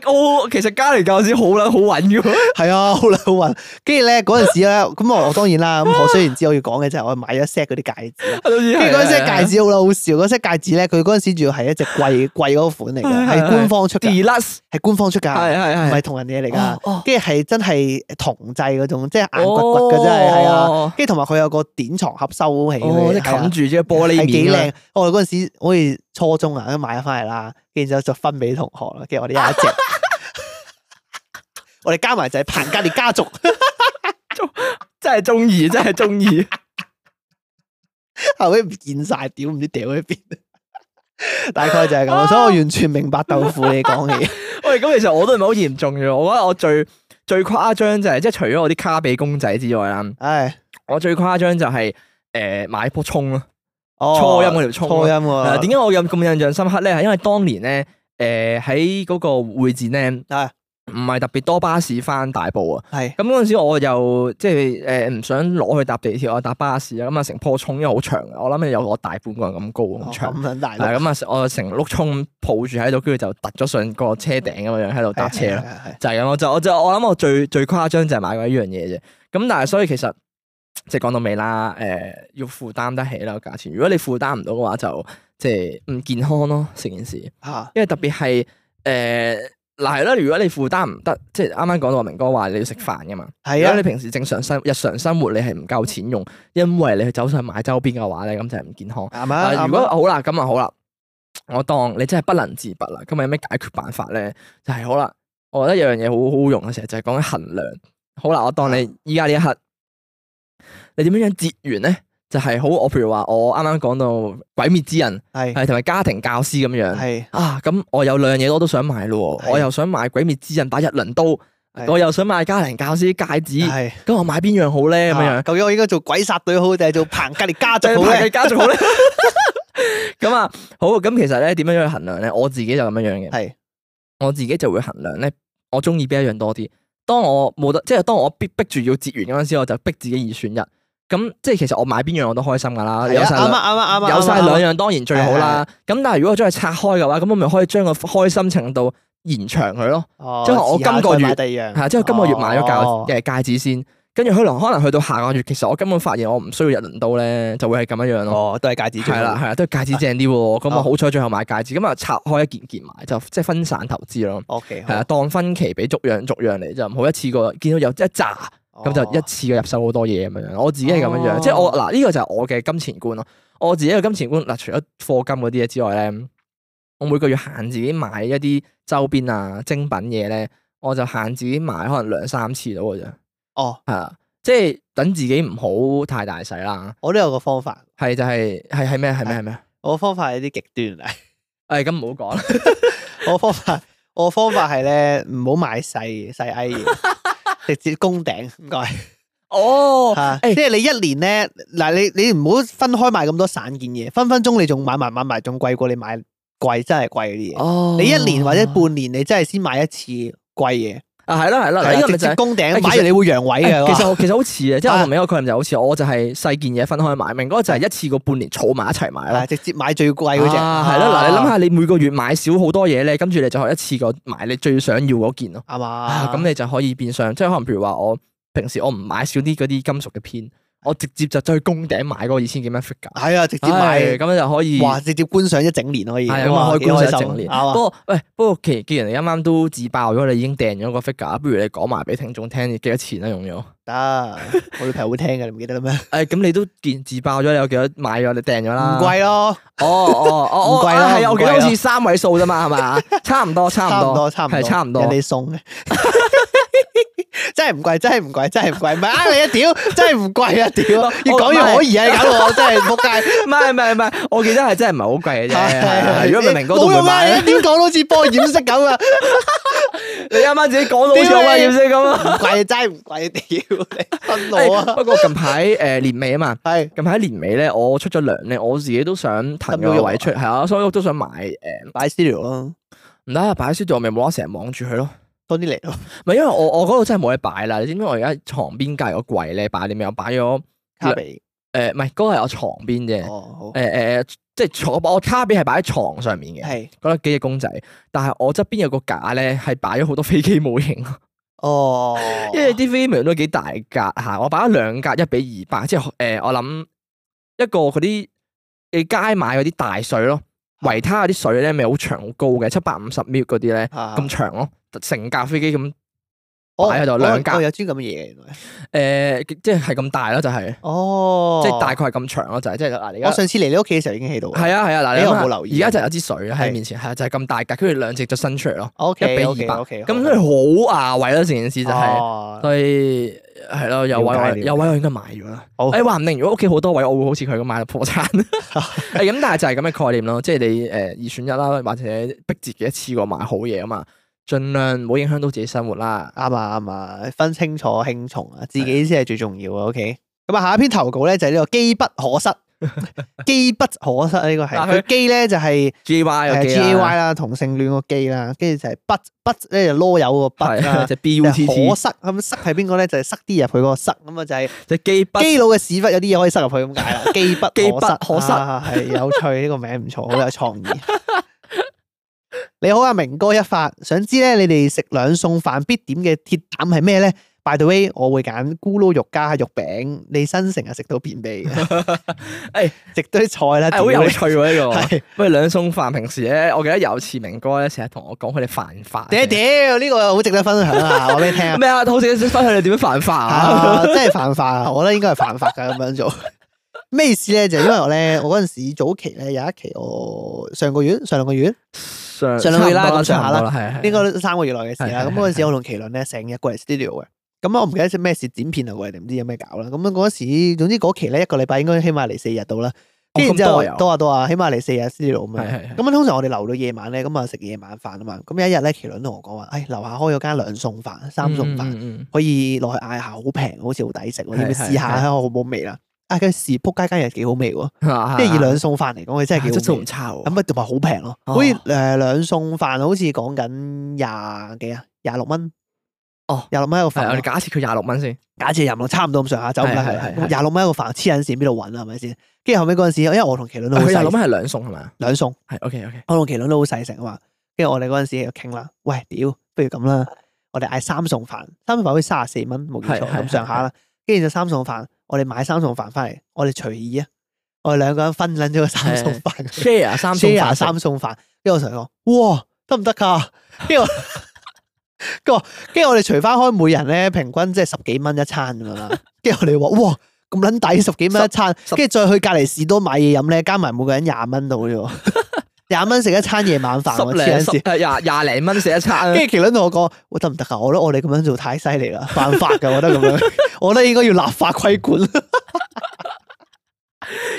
其實加嚟教書好捻好穩嘅，係 啊，好捻好穩。跟住咧嗰陣時咧，咁我 當然啦。咁我雖然知我要講嘅就係我買咗 set 嗰啲戒指，跟住嗰 set 戒指好捻好笑。嗰 set 戒指咧，佢嗰陣時仲要係一隻貴貴嗰款嚟嘅，係 官方出，係 官方出價，係，係唔係同人嘢嚟噶。跟住係真係銅製嗰種，即係硬骨骨嘅真係，係啊。跟住同埋佢有個典藏盒收起，佢冚住隻玻璃面。係幾靚。我嗰陣時好似。初中啊，都買咗翻嚟啦，跟住之後就分俾同學啦。跟住我哋有一隻， 我哋加埋就係彭家烈家族， 真係中意，真係中意。 後尾唔見晒，屌，唔知丟喺邊，大概就係咁。 所以我完全明白豆腐你講嘢。 喂，咁其實我都唔係好嚴重嘅，我覺得我最最誇張就係、是，即係除咗我啲卡比公仔之外啦。唉，我最誇張就係、是、誒、呃、買樖葱啦。初音嗰條蔥，點解我有咁印象深刻咧？係因為當年咧，誒喺嗰個會展咧，唔係、哎、呀 特別多巴士返大埔啊。係咁嗰陣時我、呃，我又即係誒唔想攞去搭地鐵啊，搭巴士啊，咁啊成棵蔥因為好長啊，我諗有我大半個人咁高咁、哦、長。咁樣、哦、大咁啊，嗯、我成碌蔥抱住喺度，跟住就突咗上個車頂咁樣喺度搭車咯，哎、呀 就係咁。我就我就我諗我最最誇張就係買過一樣嘢啫。咁但係所以其實。即係講到尾啦，誒、呃，要負擔得起啦個價錢。如果你負擔唔到嘅話，就即係唔健康咯，成件事吓。因為特別係誒，嗱係啦，如果你負擔唔得，即係啱啱講到明哥話你要食飯噶嘛，係是啊。你平時正常生日常生活你係唔夠錢用，因為你去走上買周邊嘅話咧，咁就係唔健康。係嘛、啊啊，啊、如果好啦，咁啊好啦，我當你真係不能自拔啦，咁咪有咩解決辦法咧？就係、是、好啦，我覺得有樣嘢好好用嘅，成日就係、是、講緊衡量。好啦，我當你依家呢一刻。你點樣樣折完咧？就係、是、好，我譬如話我啱啱講到鬼滅之刃是」係，係同埋家庭教師咁樣係是啊。咁我有兩樣嘢我都想買咯，是我又想買鬼滅之刃」把日輪刀，是我又想買家庭教師戒指。係咁是，我買邊樣好咧？咁樣、啊、究竟我應該做鬼殺隊好定係做彭格列家族好列家族好咧？咁啊，好咁，其實咧點樣樣去衡量咧？我自己就咁樣樣嘅，係是我自己就會衡量咧，我中意邊一樣多啲。當我冇得，即係當我必逼住要截完嗰陣時，我就逼自己二選一。咁即係其實我買邊樣我都開心噶啦，啊、有晒，有晒兩樣當然最好啦。咁、啊啊啊啊、但係如果我將佢拆開嘅話，咁我咪可以將個開心程度延長佢咯。即係、哦、我今個月，係即係今個月買咗戒嘅戒指先。哦跟住去到可能去到下個月，其實我根本發現我唔需要日輪刀咧，就會係咁樣樣咯。哦，都係戒指最。係啦，係啦，都係戒指正啲喎。咁啊，好彩最後買戒指。咁啊，拆開一件件買，就即係分散投資咯。O K，係啊，當分期俾逐樣逐樣嚟就唔好一次過見到有一紮咁、哦、就一次過入手好多嘢咁樣樣。我自己係咁樣樣，哦、即係我嗱呢、這個就係我嘅金錢觀咯。我自己嘅金錢觀嗱，除咗貨金嗰啲嘢之外咧，我每個月限自己買一啲周邊啊精品嘢咧，我就限自己買可能兩三次到嘅啫。哦，係啊，即係等自己唔好太大使啦。我都有個方法係，就係，係就係系係咩？係咩咩？我方法有啲極端咧、 哎。誒，咁唔好講。我方法我方法係咧，唔好買細細 A，直接攻頂。唔該。 哦，哎啊、即係你一年咧嗱，你你唔好分開買咁多散件嘢，分分鐘你仲買埋買埋仲貴過你買貴，真係貴啲嘢。哦，你一年或者半年你真係先買一次貴嘢。啊，係啦，係啦，呢個咪就係攻頂。買完你會陽位嘅，其實其實好似嘅，即係我同另一個客人就好似，我就係細件嘢分開買，明哥嗰個就係一次過半年儲埋一齊買啦。直接買最貴嗰隻。啊，係咯，嗱，你諗下，你每個月買少好多嘢咧，跟住你就可一次過買你最想要嗰件咯，係嘛？咁你就可以變相，即係可能譬如話，我平時我唔買少啲嗰啲金屬嘅片。我直接就去峰頂買嗰個二千幾蚊 figure，係啊，直接買，咁樣就可以。哇，直接觀賞一整年可以，咁啊，可以觀賞一整年。不過，喂，不過奇，既然你啱啱都自爆咗，你已經訂咗個 figure，不如你講埋俾聽眾聽，你幾多錢啊？用咗得，我女朋友會聽嘅，你唔記得啦咩？誒，咁你都自自爆咗，你有幾多買咗？你訂咗啦？唔貴咯，哦哦哦，唔貴啦，係啊，我記得好似三位數啫嘛，係嘛？差唔多，差唔多，差唔多，係差唔多。人哋送嘅。真係唔貴，真係唔貴，真係唔貴，唔係啊你一屌，真係唔貴啊屌，越講越可疑啊，你搞我真係，唔係唔係唔係，我記得係真係唔係好貴嘅，啫！如果唔係明哥同佢買，點講都好似幫我掩飾咁啊！你啱啱自己講到好似話掩飾咁啊，唔貴真係唔貴屌你，分我啊、 哎！不過近排誒年尾啊嘛，係近排年尾咧，我出咗糧咧，我自己都想騰咗個位、啊、出，係、嗯、啊，所以我都想買誒擺、呃、studio 咯、啊，唔得下擺 studio 咪冇得成日望住佢咯。多啲嚟咯，唔係 因為我我嗰度真係冇嘢擺啦。你知唔知我而家床邊隔個櫃咧擺啲咩？我擺咗卡比，誒唔係嗰個係我床邊啫。誒誒、哦呃，即係我我卡比係擺喺床上面嘅，係得是幾隻公仔。但係我側邊有個架咧，係擺咗好多飛機模型哦，因為啲飛機模型都幾大格吓，我擺咗兩格一比二百，200, 即係誒、呃、我諗一個嗰啲你街買嗰啲大水咯。維他嗰啲水咧，咪好長好高嘅，七百五十 mil 嗰啲咧，咁長咯，成架飛機咁。擺喺度兩格，有支咁嘅嘢，原來誒，即係咁大咯，就係，哦，即係大概係咁長咯，就係，即係我上次嚟你屋企嘅時候已經喺度，係啊係啊，嗱，你有冇留意？而家就有支水喺面前，係啊就係咁大格，跟住兩隻就伸出嚟咯，一比二百，咁所以好啊，位咯，成件事就係，所以係咯，有位有位，我應該買咗啦。誒，話唔定如果屋企好多位，我會好似佢咁買到破產。咁但係就係咁嘅概念咯，即係你誒二選一啦，或者逼自己一次過買好嘢啊嘛。盡量唔好影響到自己生活啦，啱啊啱啊，分清楚輕重啊，自己先係最重要啊。的 OK，咁啊，下一篇投稿咧就係呢、這個機不可失，機 不可失呢、這個係佢機咧就係、是、G Y 啊 A、uh, Y 啦同性戀個機啦，跟住就係不不咧就囉柚個不啦，就是、B U、C C、可失咁失係邊個咧？就係、是、塞啲入去個塞咁啊，就係、是、 就係基佬」嘅屎忽有啲嘢可以塞入去咁解啦。機不可失可」失、啊，係有趣呢、這個名唔錯，好有創意。 你好啊，明哥一發想知咧，你哋食兩餸飯必點嘅鐵膽係咩咧？By the way，我會揀咕嚕肉加肉餅，你生成係食到便秘嘅，誒、 哎，食堆菜咧、哎，好有趣喎、啊、呢、這個。 是不過兩餸飯平時咧，我記得有次明哥咧成日同我講佢哋犯法。屌、呃，屌、呃，呢、這個好值得分享啊！我俾你聽啊，咩啊，好少分享， 你點樣犯法啊？真係犯法啊！法我覺得應該係犯法噶咁樣做。 咩意思咧？就因為我咧，我嗰陣時早期咧有一期，我上個月、上兩個月、上上兩個月啦，咁上下啦，應該三個月內嘅事啦。咁嗰陣時，我同麒麟咧成日過嚟 studio 嘅。咁我唔記得咗咩事剪片啊，或者唔知有咩搞啦。咁嗰陣時，總之嗰期咧一個禮拜應該起碼嚟四日到啦。咁多有。多啊多啊，起碼嚟四日 studio 咁啊。咁通常我哋留到夜晚咧，咁啊食夜晚飯啊嘛。咁有一日咧，麒麟同我講話：，哎，樓下開咗間兩餸飯、三餸飯，可以落去嗌下，好平，好似好抵食，要唔要試下睇下好冇味啦？啊！佢時仆街間又幾好味喎，即係以兩餸飯嚟講，佢真係質素唔差咁啊，同埋好平咯，好似誒兩餸飯好似講緊廿幾啊，廿六蚊。哦，廿六蚊一個飯。我哋假設佢廿六蚊先，假設廿六，差唔多咁上下，走唔得係係。廿六蚊一個飯黐撚線，邊度揾啊？係咪先？跟住後尾嗰陣時，因為我同麒麟都，佢係諗係兩餸係咪啊？兩餸 OK OK。我同麒麟都好細食嘛，跟住我哋嗰陣時傾啦。喂，屌，不如咁啦，我哋嗌三餸飯，三餸飯好似三十四蚊，冇記錯咁上下啦。跟住就三餸飯。我哋買三餸飯翻嚟，我哋隨意啊！我哋兩個人分捻咗個三餸飯，share 三 share 三餸飯。跟住是我同佢講，哇，得唔得噶？跟住，跟住，我哋除翻開每人咧，平均即係十幾蚊一餐咁樣啦。跟住我哋話，哇，咁捻抵，十幾蚊一餐。跟住再去隔籬士多買嘢飲咧，加埋每個人廿蚊度啫。 廿蚊食一餐夜晚飯，試一試。廿廿零蚊食一餐，跟住麒麟同我講，我得唔得啊？我覺得我哋咁樣做太犀利啦，犯法噶，我覺得咁樣，樣， 我覺得應該要立法規管，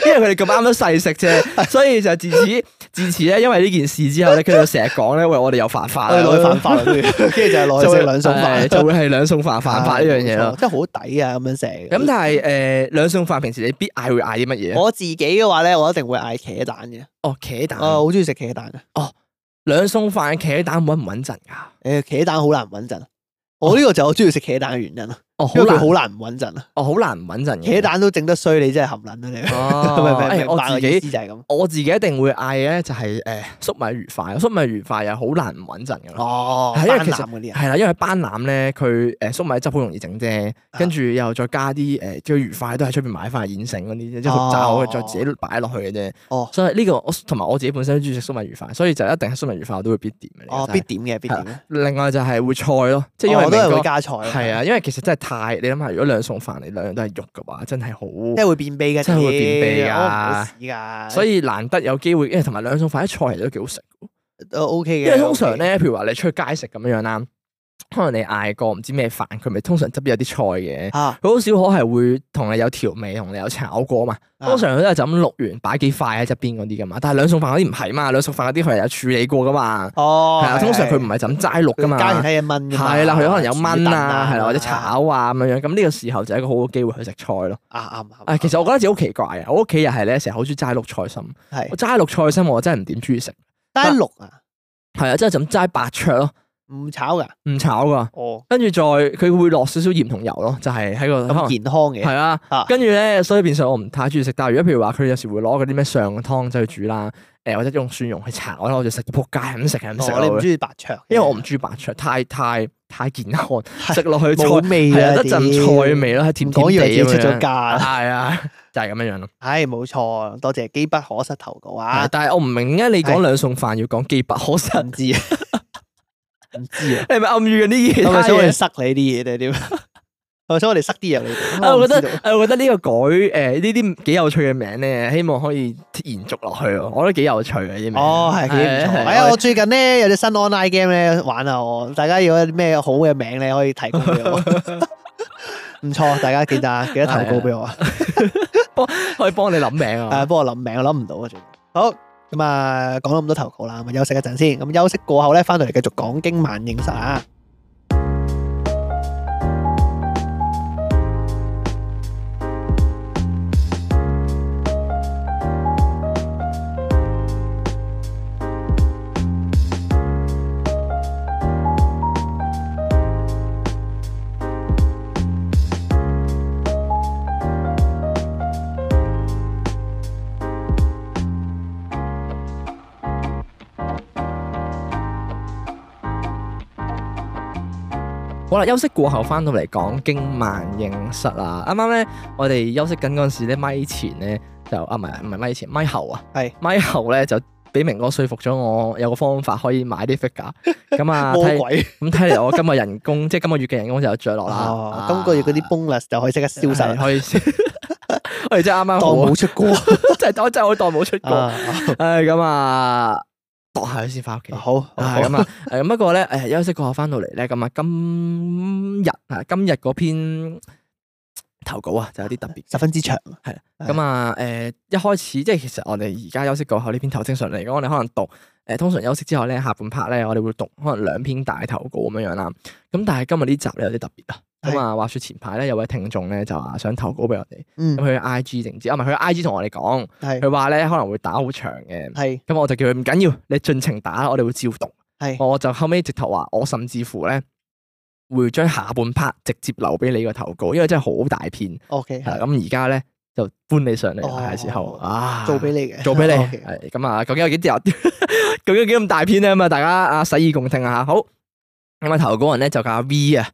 因為佢哋咁啱都細食啫， 所以就自此。 自此咧，因為呢件事之後咧，佢就成日講咧，喂，我哋又犯法啦，攞去犯法啦，跟住就係攞食兩餸飯，就會係兩餸飯犯法呢樣嘢咯，即係好抵啊咁樣成。咁但係誒，兩餸飯平時你必嗌會嗌啲乜嘢？我自己嘅話咧，我一定會嗌茄蛋嘅。哦，茄蛋，我好中意食茄蛋嘅。哦，兩餸飯茄蛋穩唔穩陣噶？誒，茄蛋好難穩陣。我呢個就我中意食茄蛋嘅原因咯。哦，因為佢好難唔穩陣啊！哦，好難唔穩陣嘅，茄蛋都整得衰，你真係含撚啊你！哦，唔係唔係，我自己就係咁。我自己一定會嗌嘅就係誒粟米魚塊，粟米魚塊又好難唔穩陣噶，哦，係因為其實嗰係啦，因為班腩咧佢誒粟米汁好容易整啫，跟住又再加啲誒叫魚塊都喺出邊買翻現成嗰啲，之後炸好再自己擺落去嘅啫。哦，所以呢個我同埋我自己本身都中意食粟米魚塊，所以就一定係粟米魚塊我都會必點嘅。哦，必點嘅必點。另外就係會菜咯，即係因為好多人都會加菜。係啊，因為其實真係。太，你諗下，如果兩餸飯你兩樣都係肉嘅話，真係好，即係會便秘嘅，真係會便秘嘅，哦、所以難得有機會，因為同埋兩餸飯啲菜其實都幾好食都、哦、OK 嘅。因為通常咧，okay、的譬如話你出去街食咁樣啦。可能你嗌過唔知咩飯，佢咪通常執邊有啲菜嘅，佢好少可係會同你有調味，同你有炒過啊嘛。通常佢都係就咁碌完，擺幾塊喺側邊嗰啲噶嘛。但係兩餸飯嗰啲唔係嘛，兩餸飯嗰啲佢係有處理過噶嘛。哦，係啊，通常佢唔係就咁齋碌噶嘛。加人喺度燜，係啦，佢可能有燜啊，係啦，或者炒啊咁樣樣。咁呢個時候就係一個好好機會去食菜咯。啱啱。誒，其實我覺得自己好奇怪啊，我屋企又係咧成日好中意齋碌菜心，齋碌菜心我真係唔點中意食。齋碌啊？係啊，即係就咁齋白灼咯。唔炒噶，唔炒噶。哦，跟住再佢會落少少鹽同油咯，就係喺個健康嘅，係啊。跟住咧，所以變相我唔太中意食。但係如果譬如話佢有時會攞嗰啲咩上湯就去煮啦，誒或者用蒜蓉去炒啦，我就食到仆街，咁食啊唔食。你唔中意白灼？因為我唔中意白灼，太太太健康，食落去冇味啊，一陣菜味啦，甜講以為自己出咗嫁，係啊，就係咁樣樣咯。唉，冇錯，多謝 Gay butt 可塞，投稿啊。但係我唔明點解你講兩餸飯要講 Gay butt 可塞知。唔知啊，你咪暗喻啲嘢，咪想我哋塞你啲嘢咧？點？係咪想我哋塞啲嘢你？啊，我覺得，啊，我覺得呢個改誒呢啲幾有趣嘅名咧，希望可以延續落去哦。我覺得幾有趣啊啲名，哦係，幾唔錯，係啊。我最近咧有隻新 online game 咧玩啊，我大家如果咩好嘅名咧可以提供俾我，唔錯。大家記得記得投稿俾我啊，幫可以幫你諗名啊，誒，幫我諗名，諗唔到啊，最好。咁啊，講咗咁多投稿啦，休息一陣先。咁休息過後呢，翻到嚟繼續講經萬應室啊。休息過後翻到嚟，講經萬應室啊！啱啱咧，我哋休息緊嗰陣時咧，咪前咧就啊，唔係唔係咪前，咪後啊，係咪是後咧就俾明哥說服咗我，有個方法可以買啲 figure 咁啊，鬼，咁睇嚟我今日人工， 即係今個月嘅人工就有着落啦，今個月嗰啲 bonus 就可以即刻消失，可以消，我哋真係啱啱當冇有出過，真係當真係當冇出過，係咁 啊！嗯嗯嗯度下先翻屋企。好，咁、嗯、啊，係咁。不過咧，誒、呃，休息過後翻到嚟咧，咁啊，今日啊，今日嗰篇投稿啊，就有啲特別，十分之長。係，咁啊，誒、啊啊，一開始即係其實我哋而家休息過後呢篇投正常嚟講，我哋可能讀誒，通常休息之後咧，下半 part 咧，我哋會讀可能兩篇大投稿咁樣樣啦。咁但係今日呢集咧有啲特別啊。咁啊，嗯、話說前排咧，有位聽眾咧就話想投稿俾我哋，咁佢 I G 定唔知，啊唔係佢 I G 同我哋講，佢話咧可能會打好長嘅，咁是 我就叫佢唔緊要，你盡情打，我哋會照讀，是 我就後尾直頭話，我甚至乎咧會將下半 part 直接留俾你個投稿，因為真係好大片，ok 咁而家咧就搬你上嚟嘅時候啊，做俾你嘅，做俾你，咁啊究竟有幾多？究竟有幾咁 大片咧？咁啊，大家啊，洗耳共聽啊吓，好咁啊，投稿人咧就叫阿 V 啊。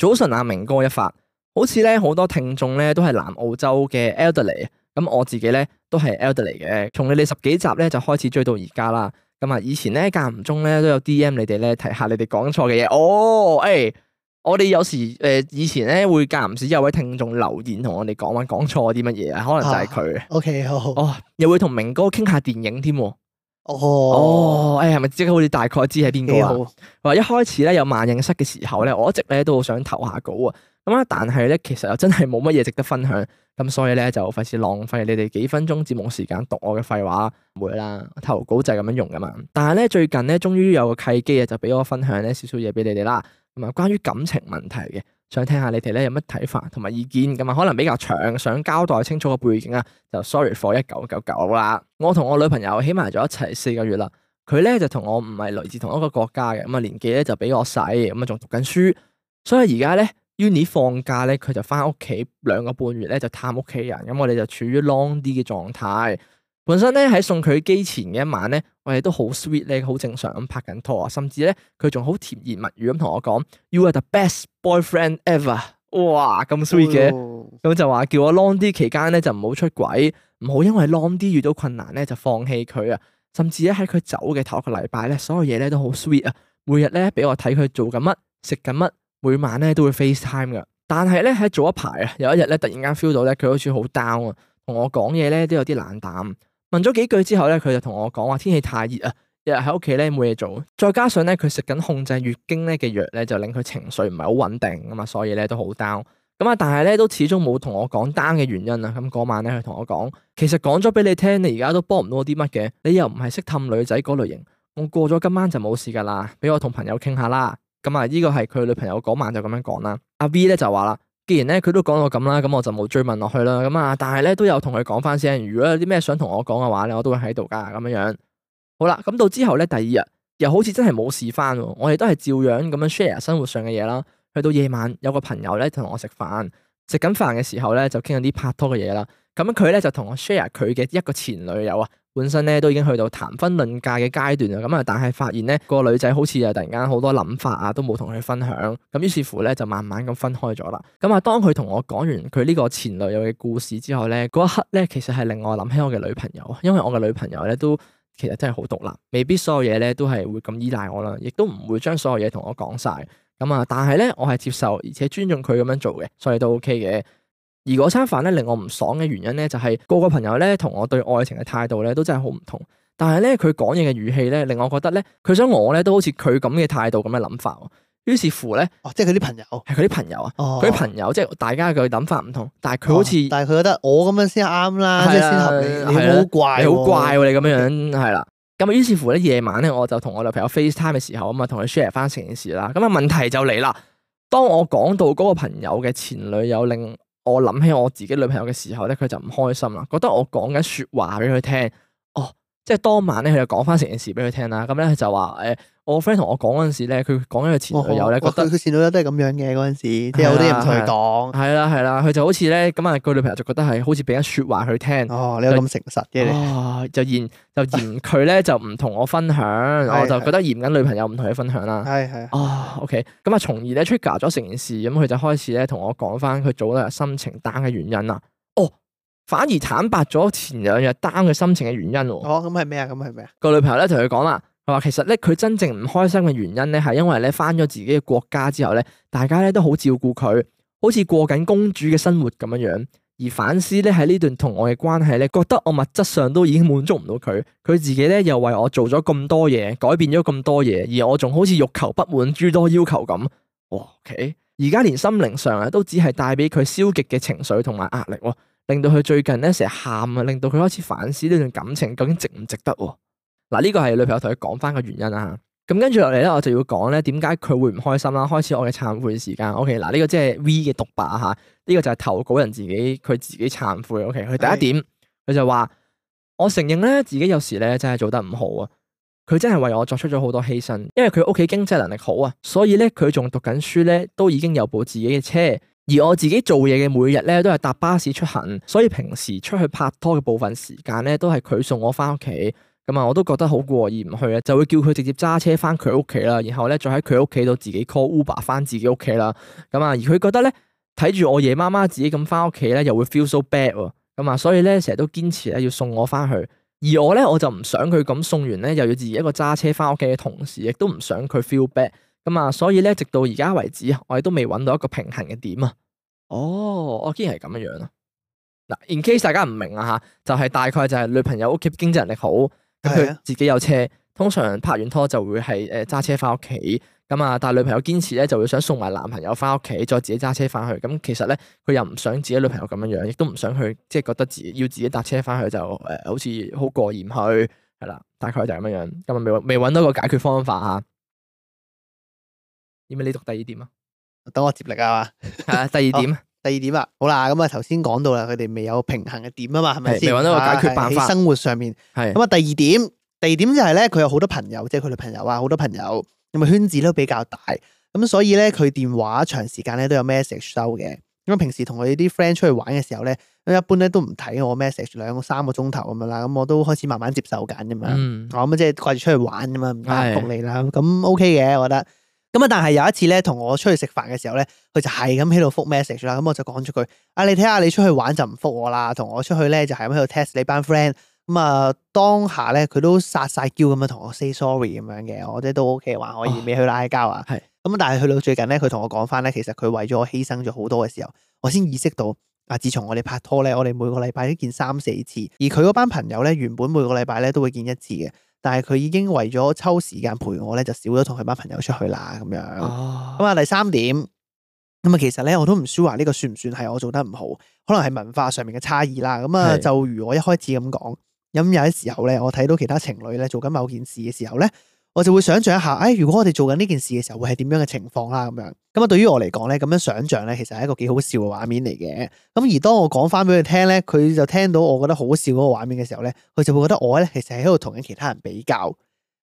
早晨啊，明哥一發，好似咧好多聽眾咧都係南澳洲嘅 elderly，咁我自己咧都係 elderly 嘅，從你哋十幾集咧就開始追到而家啦。咁啊，以前咧間唔中咧都有 DM 你哋咧提下你哋講錯嘅嘢，哦，誒、欸，我哋有時誒、呃、以前咧會間唔時有位聽眾留言同我哋講，話講錯啲乜嘢啊，可能就係佢。啊、o、okay, K，好，好，哦，又會同明哥傾下電影添喎。哦哦，誒、oh, 哎，係咪即係好似大概知係邊個啊？話 Hey, how? 一開始咧有萬應室嘅時候咧，我一直咧都好想投下稿啊，咁啊，但係咧其實又真係冇乜嘢值得分享，咁所以咧就費事浪費你哋幾分鐘節目時間讀我嘅廢話，唔會啦，投稿就係咁樣用噶嘛。但係咧最近咧終於有個契機啊，就俾我分享咧少少嘢俾你哋啦。咁啊，關於感情問題嘅。想聽下你哋咧有乜睇法同埋意見，可能比較長，想交代清楚個背景啊。就 sorry for 一九九九啦。我同我女朋友喺埋咗一齊四個月啦。佢咧就同我唔係來自同一個國家嘅，咁年紀咧就比我細，咁啊仲讀緊書，所以而家咧 uni 放假咧，佢就返屋企兩個半月咧就探屋企人，咁我哋就處於 long 啲嘅狀態。.本身咧喺送佢機前嘅一晚咧，我哋都好 sweet 咧，好正常咁拍緊拖啊，甚至咧佢仲好甜言蜜語咁同我講，You are the best boyfriend ever，哇咁 sweet 嘅，咁、oh. 就話叫我 long 啲期間咧就唔好出軌，唔好因為 long 啲遇到困難咧就放棄佢啊，甚至咧喺佢走嘅頭一個禮拜咧，所有嘢咧都好 sweet 啊，每日咧俾我睇佢做緊乜，食緊乜，每晚咧都會 face time 㗎，但係咧喺早一排啊，有一日咧突然間 feel 到咧佢好似好 down 啊，同我講嘢咧都有啲冷淡。問咗幾句之後咧，佢就同我講話天氣太熱啊，日日喺屋企咧冇嘢做，再加上咧佢食緊控制月經咧嘅藥咧，就令佢情緒唔係好穩定啊嘛，所以咧都好 down。咁啊，但係咧都始終冇同我講 down 嘅原因啊。咁嗰晚咧，佢同我講，其實講咗俾你聽，你而家都幫唔到我啲乜嘅，你又唔係識氹女仔嗰類型。我過咗今晚就冇事噶啦，俾我同朋友傾下啦。咁啊，呢個係佢女朋友嗰晚就咁樣講啦。阿 V 咧就話啦。既然咧佢都講到咁啦，咁我就冇追問落去啦。咁啊，但係咧都有同佢講翻聲，如果有啲咩想同我講嘅話咧，我都會喺度噶。咁樣樣，好啦，咁到之後咧，第二日又好似真係冇事翻，我哋都係照樣咁樣 share 生活上嘅嘢啦。去到夜晚有個朋友咧同我食飯，食緊飯嘅時候咧就傾緊啲拍拖嘅嘢啦。咁佢咧就同我 share 佢嘅一個前女友啊。本身咧都已經去到談婚論嫁嘅階段啦，咁啊，但係發現咧個女仔好似又突然間好多諗法啊，都冇同佢分享，咁於是乎咧就慢慢咁分開咗啦。咁啊，當佢同我講完佢呢個前女友嘅故事之後咧，嗰一刻咧其實係令我諗起我嘅女朋友，因為我嘅女朋友咧都其，其實真係好獨立，未必所有嘢咧都係會咁依賴我啦，亦都唔會將所有嘢同我講晒。咁啊，但係咧我係接受而且尊重佢咁樣做嘅，所以都 OK 嘅。而嗰餐飯咧令我唔爽嘅原因咧，就係個個朋友咧同我對愛情嘅態度咧都真係好唔同。但係咧佢講嘢嘅語氣咧令我覺得咧佢想我咧都好似佢咁嘅態度咁嘅諗法。於是乎咧，哦，即係佢啲朋友係佢啲朋友啊，佢啲、哦、朋友、哦、即係大家嘅諗法唔同，但係佢好似、哦，但係佢覺得我咁樣先啱啦，即係先合你，好怪，你好怪你咁樣樣係啦。咁啊，於、啊、 是、是乎咧夜晚咧我就同我女朋友 FaceTime 嘅時候啊嘛，同佢 share 翻成件事啦。咁啊問題就嚟啦，當我講到嗰個朋友嘅前女友令。我諗起我自己女朋友嘅時候咧，佢就唔開心啦，覺得我講緊說話俾佢聽。即係當晚咧，佢就講翻成件事俾佢聽啦。咁咧就話，誒、欸，我 friend 同我講嗰陣時咧，佢講緊佢前女友咧，覺得佢、哦哦哦、前女友都係咁樣嘅嗰陣時，即有啲唔同佢講，係啦係啦，佢就好似咧，咁啊個女朋友就覺得係好似俾緊說話佢聽。哦，你咁誠實嘅就、哦，就嫌就嫌佢咧就唔同我分享， 我就覺得嫌緊女朋友唔同你分享啦。係係。哦，OK，咁啊，從而咧出 r i 咗成件事，咁佢就開始咧同我講翻佢早日心情 down 嘅原因啦。反而坦白咗前兩日 down 嘅心情嘅原因。哦，咁係咩啊？咁係咩啊？個女朋友咧同佢講啦，佢話其實咧佢真正唔開心嘅原因咧係因為咧翻咗自己嘅國家之後咧，大家咧都好照顧佢，好似過緊公主嘅生活咁樣樣。而反思咧喺呢段同我嘅關係咧，覺得我物質上都已經滿足唔到佢，佢自己咧又為我做咗咁多嘢，改變咗咁多嘢，而我仲好似欲求不滿諸多要求咁。O K，而家連心靈上啊都只係帶俾佢消極嘅情緒同埋壓力。令到佢最近咧成日喊啊，令到佢開始反思呢段感情究竟值唔值得喎。嗱、啊，呢、這個係女朋友同佢講翻個原因啊。咁跟住落嚟咧，我就要講咧，點解佢會唔開心啦？開始我嘅懺悔時間。O K，嗱，呢個即係 V 嘅獨白吓，呢、這個就係、啊這個、投稿人自己佢自己懺悔。O K，佢第一點佢是就話：我承認咧，自己有時咧真係做得唔好啊。佢真係為我作出咗好多犧牲，因為佢屋企經濟能力好啊，所以咧佢仲讀緊書咧，都已經有部自己嘅車。而我自己做嘢嘅每日咧，都係搭巴士出行，所以平時出去拍拖嘅部分時間咧，都係佢送我翻屋企。咁啊，我都覺得好過意唔去啊，就會叫佢直接揸車翻佢屋企啦，然後咧再喺佢屋企度自己 call Uber 翻自己屋企啦。咁啊，而佢覺得咧，睇住我夜媽媽自己咁翻屋企咧，又會 feel so bad 喎。咁啊，所以咧成日都堅持咧要送我翻去。而我咧，我就唔想佢咁送完咧，又要自己一個揸車翻屋企嘅同時，亦都唔想佢 feel bad。咁啊、嗯，所以咧，直到而家為止，我哋都未揾到一個平衡嘅點啊。哦，我竟然係咁樣樣啊。嗱，in case 大家唔明啊吓，就係、是、大概就係女朋友屋企經濟能力好，咁佢自己有車，的通常拍完拖就會係誒揸車翻屋企。咁啊，但係女朋友堅持咧，就會想送埋男朋友翻屋企，再自己揸車翻去。咁其實咧，佢又唔想自己女朋友咁樣樣，亦都唔想去，即係覺得自要自己搭車翻去就誒，好似好過嫌去係啦。大概就咁樣樣，咁啊未未揾到個解決方法吓。咦？咪你讀第二點啊？等我接力啊！吓 auch、哎 嗯，第二點、 啊，第二點啊！ 好啦，咁、嗯、啊，頭先講到啦，佢哋未有平衡嘅點啊嘛，係咪先？未搵到個解決辦法。喺、啊、生活上面，係咁啊。嗯、第二點，第二點就係咧，佢有好多朋友，即係佢女朋友啊，好多朋友，咁啊，圈子都比較大。咁、嗯、所以咧，佢電話長時間咧都有 message 收嘅。咁啊，平時同佢啲 friend 出去玩嘅時候咧，一般咧都唔睇我 message，兩三個鐘頭咁樣啦。咁、嗯、我都開始慢慢接受緊咁嘛。嗯，我咁即係掛住出去玩咁嘛，唔打覆你啦。咁 OK 嘅，我覺得。咁啊！但係有一次咧，同我出去食飯嘅時候咧，佢就係咁喺度覆 message 啦。咁、嗯、我就講咗句：「啊，你睇下你出去玩就唔覆我啦，同我出去咧就係咁喺度 test 你班 friend。咁、嗯、啊、呃，當下咧佢都撒晒嬌，咁啊，同我 say sorry 咁樣嘅，我覺得都 OK，還可以，未去嗌交。啊。係、哦。咁、嗯、但係去到最近咧，佢同我講翻咧，其實佢為咗我犧牲咗好多嘅時候，我先意識到啊。自從我哋拍拖咧，我哋每個禮拜都見三四次，而佢嗰班朋友咧，原本每個禮拜咧都會見一次嘅。但係佢已經為咗抽時間陪我咧，就少咗同佢班朋友出去啦咁樣。哦，咁啊第三點，咁啊其實咧我都唔 sure 話呢個算唔算係我做得唔好？可能係文化上面嘅差異啦。咁啊是，就如我一開始咁講，咁有啲時候咧，我睇到其他情侶咧做緊某件事嘅時候咧。我就會想象一下，誒、哎，如果我哋做緊呢件事嘅時候，會係點樣嘅情況啦、啊，咁樣。咁啊，對於我嚟講咧，咁樣想象咧，其實係一個幾好笑嘅畫面嚟嘅。咁而當我講翻俾佢聽咧，佢就聽到我覺得好笑嗰個畫面嘅時候咧，佢就會覺得我咧，其實係喺度同緊其他人比較。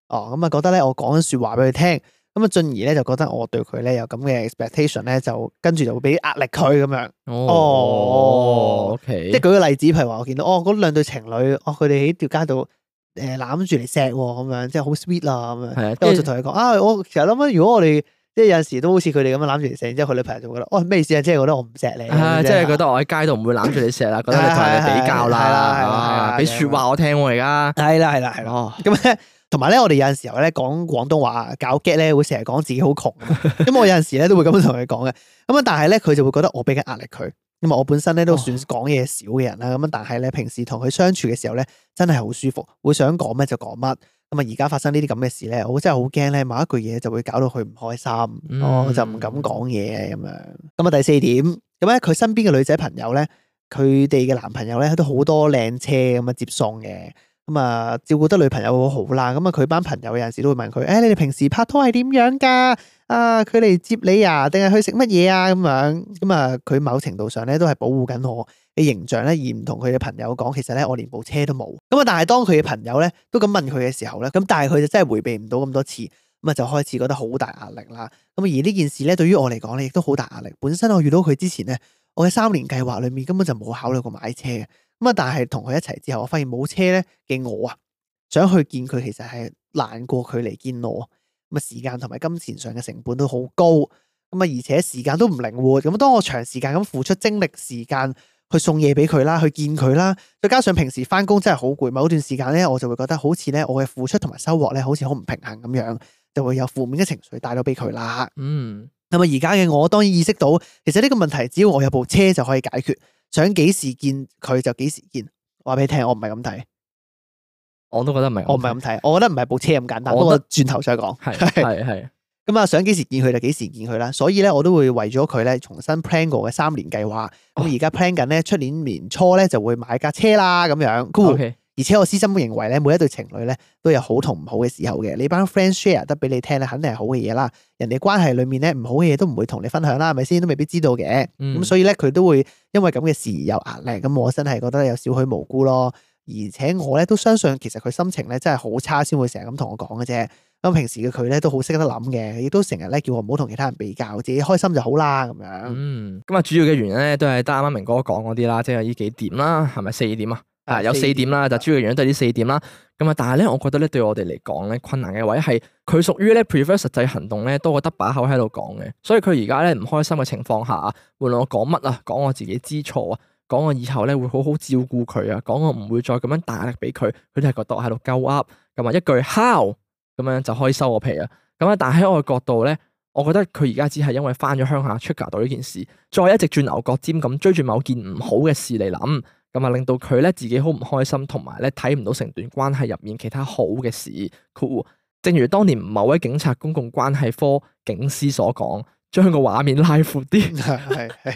哦，咁、嗯、啊，覺得咧，我講緊說話俾佢聽，咁啊，進而咧就覺得我對佢咧有咁嘅 expectation 咧，就跟住就會俾壓力佢咁樣。哦，即係、哦 okay、舉個例子，譬如話我見到哦，嗰兩對情侶，哦，佢哋喺條街度。誒攬住嚟錫喎，咁樣即係好 sweet 啦咁樣。跟住我就同佢講：啊，我其實諗緊，如果我哋即係有陣時都好似佢哋咁樣攬住嚟錫，然之後佢女朋友就覺得：哦，咩意思啊？即係覺得我唔錫你，即係覺得我喺街度唔會攬住你錫啦，咁你同佢比較啦，俾説話我聽喎而家。係啦，係啦，係咯。咁咧，同埋咧，我哋有陣時候咧講廣東話搞 gag 咧，會成日講自己好窮。咁我有陣時咧都會咁樣同佢講嘅。咁啊，但係咧佢就會覺得我俾緊壓力佢。因為，我本身咧都算講嘢少嘅人啦，咁啊，但係咧平時同佢相處嘅時候咧，真係好舒服，會想講咩就講乜。咁啊，而家發生呢啲咁嘅事咧，我真係好驚咧，某一句嘢就會搞到佢唔開心，嗯、我就唔敢講嘢咁樣。咁啊，第四點，咁咧佢身邊嘅女仔朋友咧，佢哋嘅男朋友咧都好多靚車咁啊接送嘅。咁啊，照顧得女朋友好好啦。咁啊，佢班朋友有陣時都會問佢：誒、哎，你哋平時拍拖係點樣㗎？啊，佢嚟接你啊，定係去食乜嘢啊？咁樣。咁啊，佢某程度上咧都係保護緊我嘅形象咧，而唔同佢嘅朋友講，其實咧我連部車都冇。咁啊，但係當佢嘅朋友咧都咁問佢嘅時候咧，咁但係佢就真係回避唔到咁多次，咁啊就開始覺得好大壓力啦。咁而呢件事咧對於我嚟講咧亦都好大壓力。本身我遇到佢之前咧，我喺三年計劃裏面根本就冇考慮過買車嘅。咁啊，但係同佢一齊之後，我發現冇車咧嘅我啊，想去見佢，其實係難過佢嚟見我。咁啊，時間同埋金錢上嘅成本都好高。咁啊，而且時間都唔靈活。咁當我長時間咁付出精力、時間去送嘢俾佢啦，去見佢啦，再加上平時返工真係好攰。某段時間咧，我就會覺得好似咧，我嘅付出同埋收穫咧，好似好唔平衡咁樣，就會有負面嘅情緒帶到俾佢啦。嗯。咁啊，而家嘅我當然意識到，其實呢個問題，只要我有部車就可以解決。想幾時見佢就幾時見，話俾你聽。我唔係咁睇，我都覺得唔係。我唔係咁睇，我覺得唔係部車咁簡單。我轉頭再講。係係係。咁啊， 想幾時見佢就幾時見佢啦。所以咧，我都會為咗佢咧，重新 plan 過嘅三年計劃。咁而家 plan 緊咧，出年年初咧就會買架車啦，咁樣。Cool. 而且我私心認為咧，每一對情侶咧都有好同唔好嘅時候嘅。你班 friend share 得俾你聽咧，肯定係好嘅嘢啦。人哋關係裏面咧唔好嘅嘢都唔會同你分享啦，係咪先？都未必知道嘅。咁、嗯嗯、所以咧，佢都會因為咁嘅事而有壓力。咁我真係覺得有少許無辜咯。而且我咧都相信，其實佢心情咧真係好差，先會成日咁同我講嘅啫。咁平時嘅佢咧都好識得諗嘅，亦都成日咧叫我唔好同其他人比較，自己開心就好啦。咁樣。嗯。咁啊，主要嘅原因咧都係得啱啱明哥講嗰啲啦，即係呢幾點啦，係咪四點啊？啊，有四點啦，就主要原因都係呢四點啦。咁啊，但係咧，我覺得咧，對我哋嚟講咧，困難嘅位係佢屬於咧 prefer 實際行動咧多過得把口喺度講嘅。所以佢而家咧唔開心嘅情況下啊，無論我講乜啊，講我自己知錯啊，講我以後咧會好好照顧佢啊，講我唔會再咁樣大力俾佢，佢都係覺得我喺度鳩噏。咁啊，一句 how 咁樣就可以收我皮啊。咁啊，但喺我嘅角度咧，我覺得佢而家只係因為翻咗鄉下 trigger 到呢件事，thing，再一直轉牛角尖咁追住某件唔好嘅事嚟諗。咁啊，令到佢咧自己好唔開心，同埋咧睇唔到成段關係入面其他好嘅事。正如當年某位警察公共關係科警司所講，將個畫面拉闊啲。係係。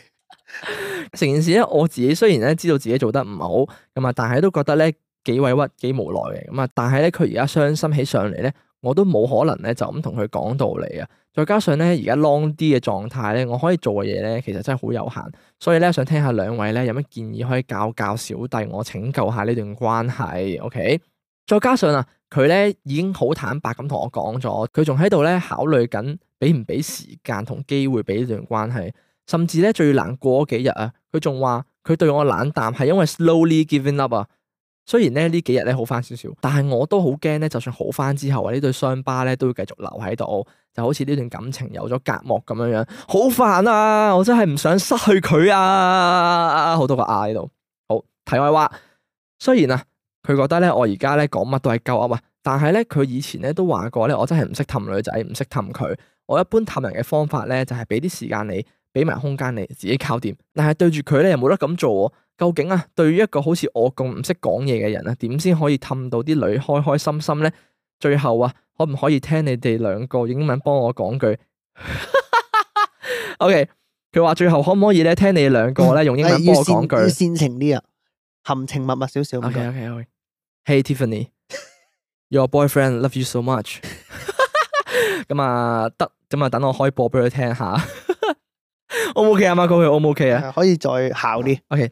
成件事咧，我自己雖然咧知道自己做得唔好，咁啊，但係都覺得咧幾委屈、幾無奈嘅。咁啊，但係咧佢而家傷心起上嚟咧。我都冇可能咧就咁同佢講道理啊！再加上咧而家 long 啲嘅狀態咧，我可以做嘅嘢咧，其實真係好有限。所以咧，想聽下兩位咧有咩建議可以教教小弟我拯救下呢段關係。OK，再加上啊，佢咧已經好坦白咁同我講咗，佢仲喺度咧考慮緊俾唔俾時間同機會俾呢段關係，甚至咧最難過嗰幾日啊，佢仲話佢對我冷淡係因為 slowly giving up 啊。雖然咧呢幾日咧好翻少少，但係我都好驚咧。就算好翻之後，呢對傷疤咧都要繼續留喺度，就好似呢段感情有咗隔膜咁樣樣，好煩啊！我真係唔想失去佢啊！好多個啊喺度好題外話，雖然啊，佢覺得咧我而家咧講乜都係鳩噏啊喂，但係咧佢以前咧都話過咧，我真係唔識氹女仔，唔識氹佢。我一般氹人嘅方法咧就係俾啲時間你間，俾埋空間你自己靠掂。但係對住佢咧又冇得咁做。究竟啊，對於一個好似我咁唔識講嘢嘅人啊，點先可以氹到啲女開開心心咧？最後啊，可唔可以聽你哋兩個英文幫我講句？O K，佢話最後可唔可以咧聽你哋兩個咧用英文幫我講句？要煽情啲啊，含情脈脈少少。O K，O K，O K。Okay, okay, okay. Hey Tiffany，your boyfriend love you so much。咁啊得，咁、嗯、啊、嗯嗯嗯、等我開播畀佢聽下。O K，阿媽過去 O K 啊，可以, 可以再孝啲。O K。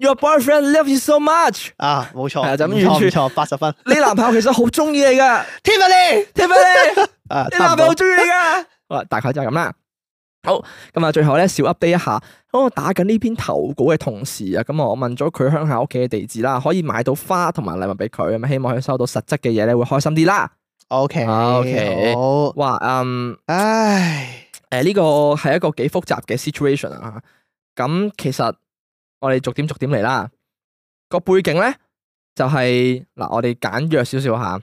Your boyfriend loves you so much 啊，冇錯，冇錯錯，八十分。錯你男朋友其實好中意你噶 Tiffany，Tiffany，你男朋友中意你噶。啊、好啦，大概就係咁啦。好，咁啊，最後咧，小 update 一下。我、哦、打緊呢篇投稿嘅同事啊，咁、嗯、啊，我問咗佢鄉下屋企嘅地址啦，可以買到花同埋禮物俾佢，咁希望佢收到實質嘅嘢咧，會開心啲啦。OK，OK，Okay, Okay, 好。哇，嗯、um,，唉，誒、呃，呢、呃呃這個係一個幾複雜嘅 situation 啊。咁其實。我哋逐點逐點嚟啦。個背景咧就係、是、嗱，我哋簡約少少下。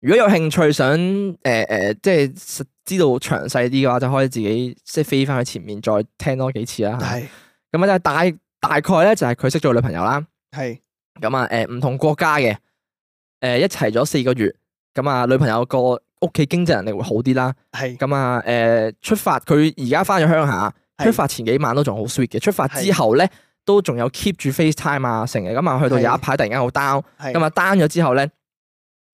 如果有興趣想誒誒、呃呃，即係知道詳細啲嘅話，就可以自己即係飛翻去前面再聽多幾次啦。係。咁啊，是 大大概咧就係、是、佢識咗女朋友啦。係是。咁、呃、啊，誒唔同國家嘅，誒、呃、一齊咗四個月。咁啊，女朋友個屋企經濟能力會好啲啦。係是。咁、呃、啊，誒出發，佢而家翻咗鄉下。出發前幾晚都仲好 sweet 嘅，出發之後咧都仲有 keep 住 FaceTime 啊，成日咁啊，去到有一排突然間好 down，咁啊是的 down 咗之後咧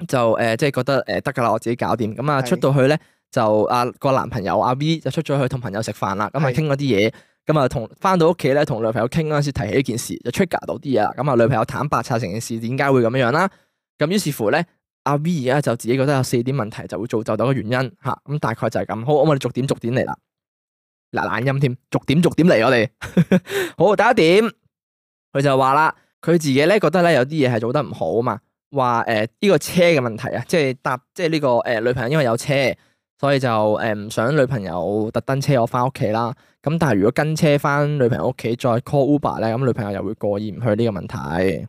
就誒、呃、即係覺得誒得㗎啦，我自己搞掂，咁啊出到去咧就阿個男朋友阿、啊、V 就出咗去同朋友食飯啦，咁啊傾咗啲嘢，咁啊同翻到屋企咧同女朋友傾嗰陣時提起一件事，就 trigger 到啲嘢啦，咁啊女朋友坦白晒成件事點解會咁樣樣啦，咁於是乎咧阿、啊、V 而家就自己覺得有四點問題就會造就到個原因嚇，咁、嗯、大概就係咁，好，我哋逐點逐點嚟啦。嗱懶音添，逐點逐點嚟我哋， 好第一點，佢就話啦，佢自己咧覺得咧有啲嘢係做得唔好啊嘛，話誒呢個車嘅問題啊，即係搭即係呢、這個誒、呃、女朋友因為有車，所以就誒唔、呃、想女朋友特登車我翻屋企啦，咁但係如果跟車翻女朋友屋企再 call Uber 咧，咁女朋友又會過意唔去呢個問題，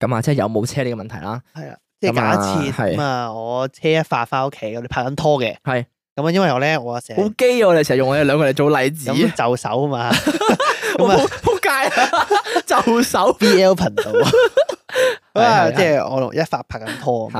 咁啊即係有冇車呢個問題啦，係的啊，即係假設咁啊，我車一發翻屋企，我哋拍緊拖嘅，係。咁啊，因為我咧，我成日好 gay 我哋成日用我哋兩個嚟做例子，就手啊嘛，仆街啊，就手 BL 頻道啊，即係我一發拍緊拖，我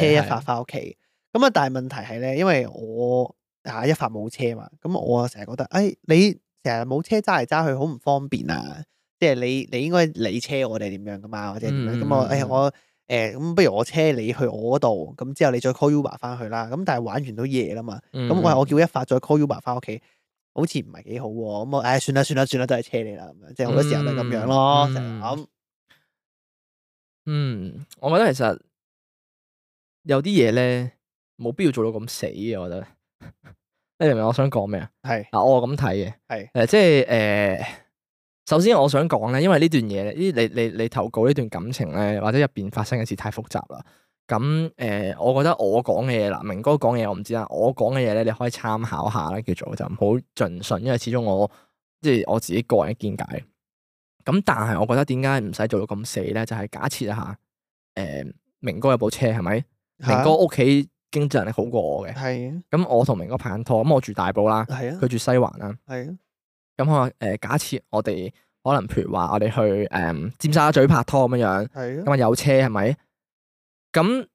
車一發翻屋企，咁啊，但係問題係咧，因為我吓一發冇車嘛，咁我成日覺得，誒、哎，你成日冇車揸嚟揸去好唔方便啊，即、就、係、是、你你應該理車我哋點樣噶、啊、嘛，或者點、啊，咁我誒我。哎我誒，咁不如我車你去我嗰度，咁之後你再 call Uber 翻去啦。咁但係玩完都夜啦嘛，咁我、嗯、我叫一發再 call Uber 翻屋企，好似唔係幾好、啊。咁我唉，算啦算啦算啦，都係車你啦。即係好多時候都係咁樣咯，成日諗。嗯，嗯嗯我覺得其實有啲嘢咧，冇必要做到咁死啊。我覺得， 你明唔明我想講咩啊？係啊是，我咁睇嘅。係誒是、呃，即係誒。呃首先我想講咧，因為呢段嘢，呢你你你投稿呢段感情咧，或者入邊發生嘅事太複雜啦。咁、嗯、誒、呃，我覺得我講嘅嘢啦，明哥講嘅嘢我唔知啦。我講嘅嘢咧，你可以參考下啦，叫做就唔好盡信，因為始終我即係我自己個人嘅見解。咁、嗯、但係我覺得點解唔使做到咁死咧？就係、是、假設一下，誒、呃，明哥有部車係咪？明哥屋企經濟能力好過我嘅。係、啊。咁、嗯、我同明哥拍緊拖，咁、嗯、我住大埔啦，佢住西環啦。係、啊。咁、嗯、我誒假設我哋可能譬如話我哋去誒、嗯、尖沙咀拍拖咁樣樣，咁啊的有車係咪？咁誒、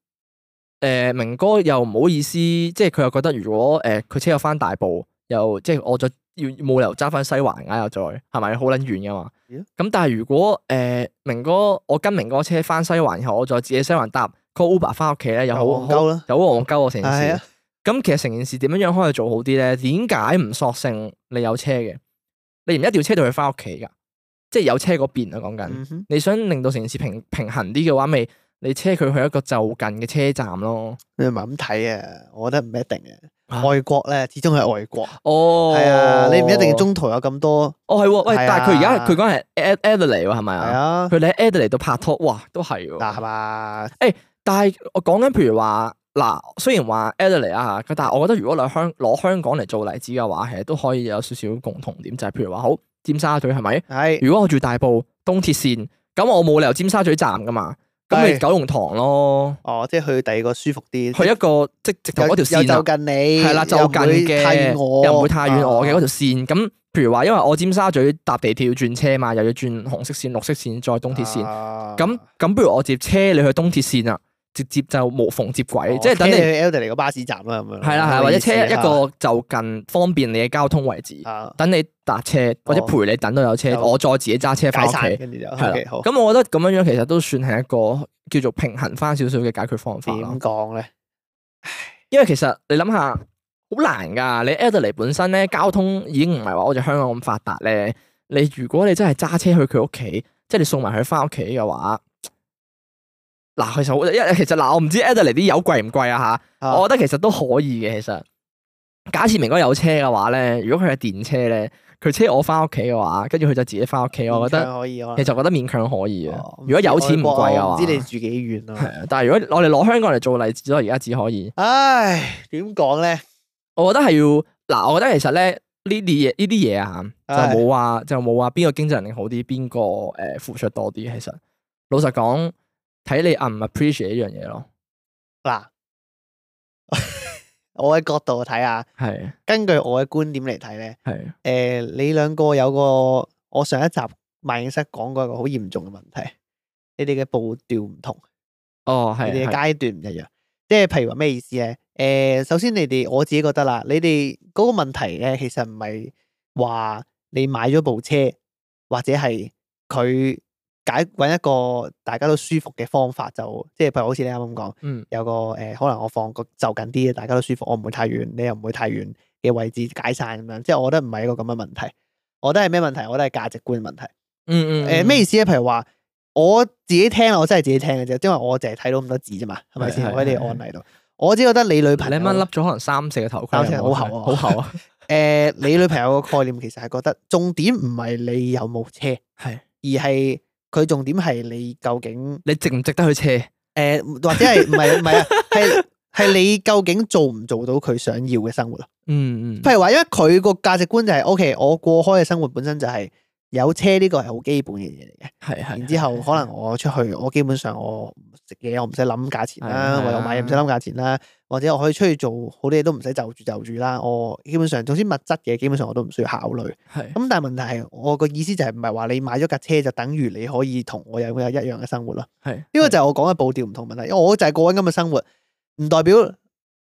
呃、明哥又唔好意思，即係佢又覺得如果誒佢、呃、車又翻大埔，又即係我再要冇理由揸翻西環、啊，而家又再係咪好捻遠噶嘛？咁的但係如果誒、呃、明哥我跟明哥車翻西環，然後我再自己西環搭個 Uber 翻屋企咧，又好戇鳩，又好戇鳩成件事。咁的其實成件事點樣樣可以做好啲咧？點解唔索性你有車嘅？你唔一定要車到佢翻屋企噶，即係有車嗰邊啊！講緊、嗯哼，你想令到城市平平衡啲嘅話，咪你車佢去一個就近嘅車站咯。你咪咁睇啊？我覺得唔一定嘅，啊、外國咧始終係外國。哦，係啊、哎，你唔一定中途有咁多。哦係，啊啊、喂，但係佢而家佢講係 Adelaide 喎，係咪啊？佢喺 Adelaide 度拍拖，哇，都係喎。係嘛？誒，但係我講緊，譬如話。嗱，雖然話 Ellie 啊，咁但係我覺得如果你香攞香港嚟做例子嘅話，其實都可以有少少共同點，就係、是、譬如話好尖沙咀係咪？唉，是 如果我住大埔東鐵線，咁我冇理由尖沙咀站噶嘛，咁係是 九龍塘咯。哦，即係去第二個舒服啲，去一個即係直頭條線就、啊、近，近你係啦，就近嘅又唔會太遠我嘅嗰條線。咁、啊、譬如話，因為我尖沙咀搭地鐵要轉車嘛，又要轉紅色線、綠色線再東鐵線。咁咁、啊，不如我接車你去東鐵線啊？直接就無縫接軌，哦、即係等你去 Elder 嚟個巴士站啦，咁樣係啦，係或者車一個就近方便你嘅交通位置，的等你搭車、啊、或者陪你等到有車，哦、我再自己揸車翻屋企，跟住就係啦，的好。咁我覺得咁樣樣其實都算係一個叫做平衡翻少少嘅解決方法咯。點講咧？因為其實你諗下，好難噶。你，你 Elder 嚟本身咧，交通已經唔係話好似香港咁發達咧。你如果你真係揸車去佢屋企，即係你送埋佢翻屋企嘅話。嗱，其實好一、啊，其實嗱，我唔知 Adelaide 啲油貴唔貴啊吓、啊，我覺得其實都可以嘅。其實假設明哥有車嘅話咧，如果佢係電車咧，佢車我翻屋企嘅話，跟住佢就自己翻屋企，我覺得可以。其實我覺得勉強可以啊。如果有錢唔貴啊，唔知你住幾遠啊？係啊，但係如果我哋攞香港嚟做例子，我而家只可以。唉，點講咧？我覺得係要嗱，我覺得其實咧呢啲嘢呢啲嘢啊，就冇話就冇話邊個經濟能力好啲，邊個誒付出多啲。其實老實講。睇你唔唔 appreciate 呢樣嘢咯。嗱， 我嘅角度睇下，係是根據我嘅觀點嚟睇咧，係誒是、呃，你兩個有個我上一集萬應室講過一個好嚴重嘅問題，你哋嘅步調唔同，哦，係你哋嘅階段唔一樣，是即係譬如話咩意思咧？誒、呃，首先你哋我自己覺得啦，你哋嗰個問題咧，其實唔係話你買咗部車或者係佢。揾一個大家都舒服嘅方法，就即係譬如好似你啱啱講，有個誒，可能我放個就近啲，大家都舒服，我唔會太遠，你又唔會太遠嘅位置解曬咁樣。即係我覺得唔係一個咁嘅問題，我覺得係咩問題？我覺得係價值觀問題。嗯嗯。誒，咩意思咧？譬如話我自己聽，我真係自己聽嘅啫，因為我淨係睇到咁多字啫嘛，係咪先？我喺你案例度，我只覺得你女朋友啱啱笠咗可能三四個頭盔，好厚啊，好厚啊。誒，你女朋友嘅概念其實係覺得重點唔係你有冇車，係而係。佢重點係你究竟你值唔值得去車？誒、呃，或者係唔係唔係啊？係係 你究竟做唔做到佢想要嘅生活啊？嗯嗯，譬如話，因為佢個價值觀就係 OK，我過開嘅生活本身就係、係。有車呢個係好基本嘅嘢嚟嘅。係，然之後可能我出去，我基本上我食嘢我唔使諗價錢啦，我又買嘢唔使諗價錢啦，或者我可以出去做好多嘢都唔使就住就住啦。我基本上總之物質嘅基本上我都唔需要考慮。咁，但係問題係，我個意思就係唔係話你買咗架車就等於你可以同我有有一樣嘅生活咯。係呢個就係我講嘅步調唔同問題，因為我就係過緊咁嘅生活，唔代表。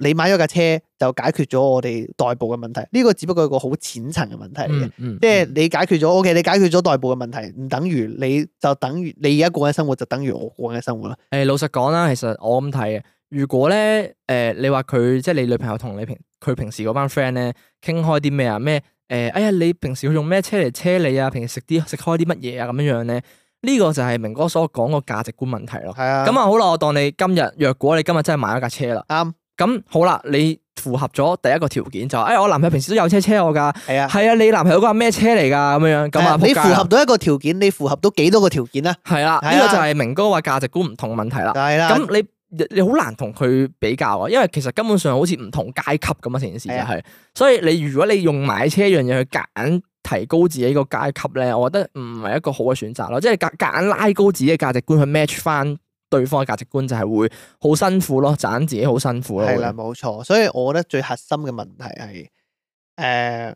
你買咗架車就解決咗我哋代步嘅問題，呢個只不過係個好淺層嘅問題嚟嘅，即係你解決咗，OK，你解決咗代步嘅問題，唔等於你就等於你而家過嘅生活就等於我過嘅生活啦。誒，老實講啦，其實我咁睇嘅，如果咧誒，你話佢即係你女朋友同你平佢平時嗰班 friend 咧傾開啲咩啊？咩誒？哎呀，你平時要用咩車嚟車你啊？平時食啲食開啲乜嘢啊？咁樣樣咧，呢個就係明哥所講個價值觀問題咯。係啊，咁啊好啦，我當你今日若果你今日真係買咗架車啦，啱。咁好啦，你符合咗第一個條件就是，哎，我男朋友平時都有車車我噶，係啊，係啊，你男朋友嗰個咩車嚟噶咁樣？咁啊，你符合到一個條件，你符合到幾多個條件咧？係啦、啊，呢、啊、個就係明哥話價值觀唔同嘅問題啦。係啦、啊，咁你你好難同佢比較啊，因為其實根本上好似唔同階級咁啊，成件事就係、是。啊、所以你如果你用買車一樣嘢去揀提高自己一個階級咧，我覺得唔係一個好嘅選擇咯，即係夾硬拉高自己嘅價值觀去 match 翻。對方嘅價值觀就係會好辛苦咯，盞自己好辛苦咯。係啦，冇錯，所以我覺得最核心嘅問題係，誒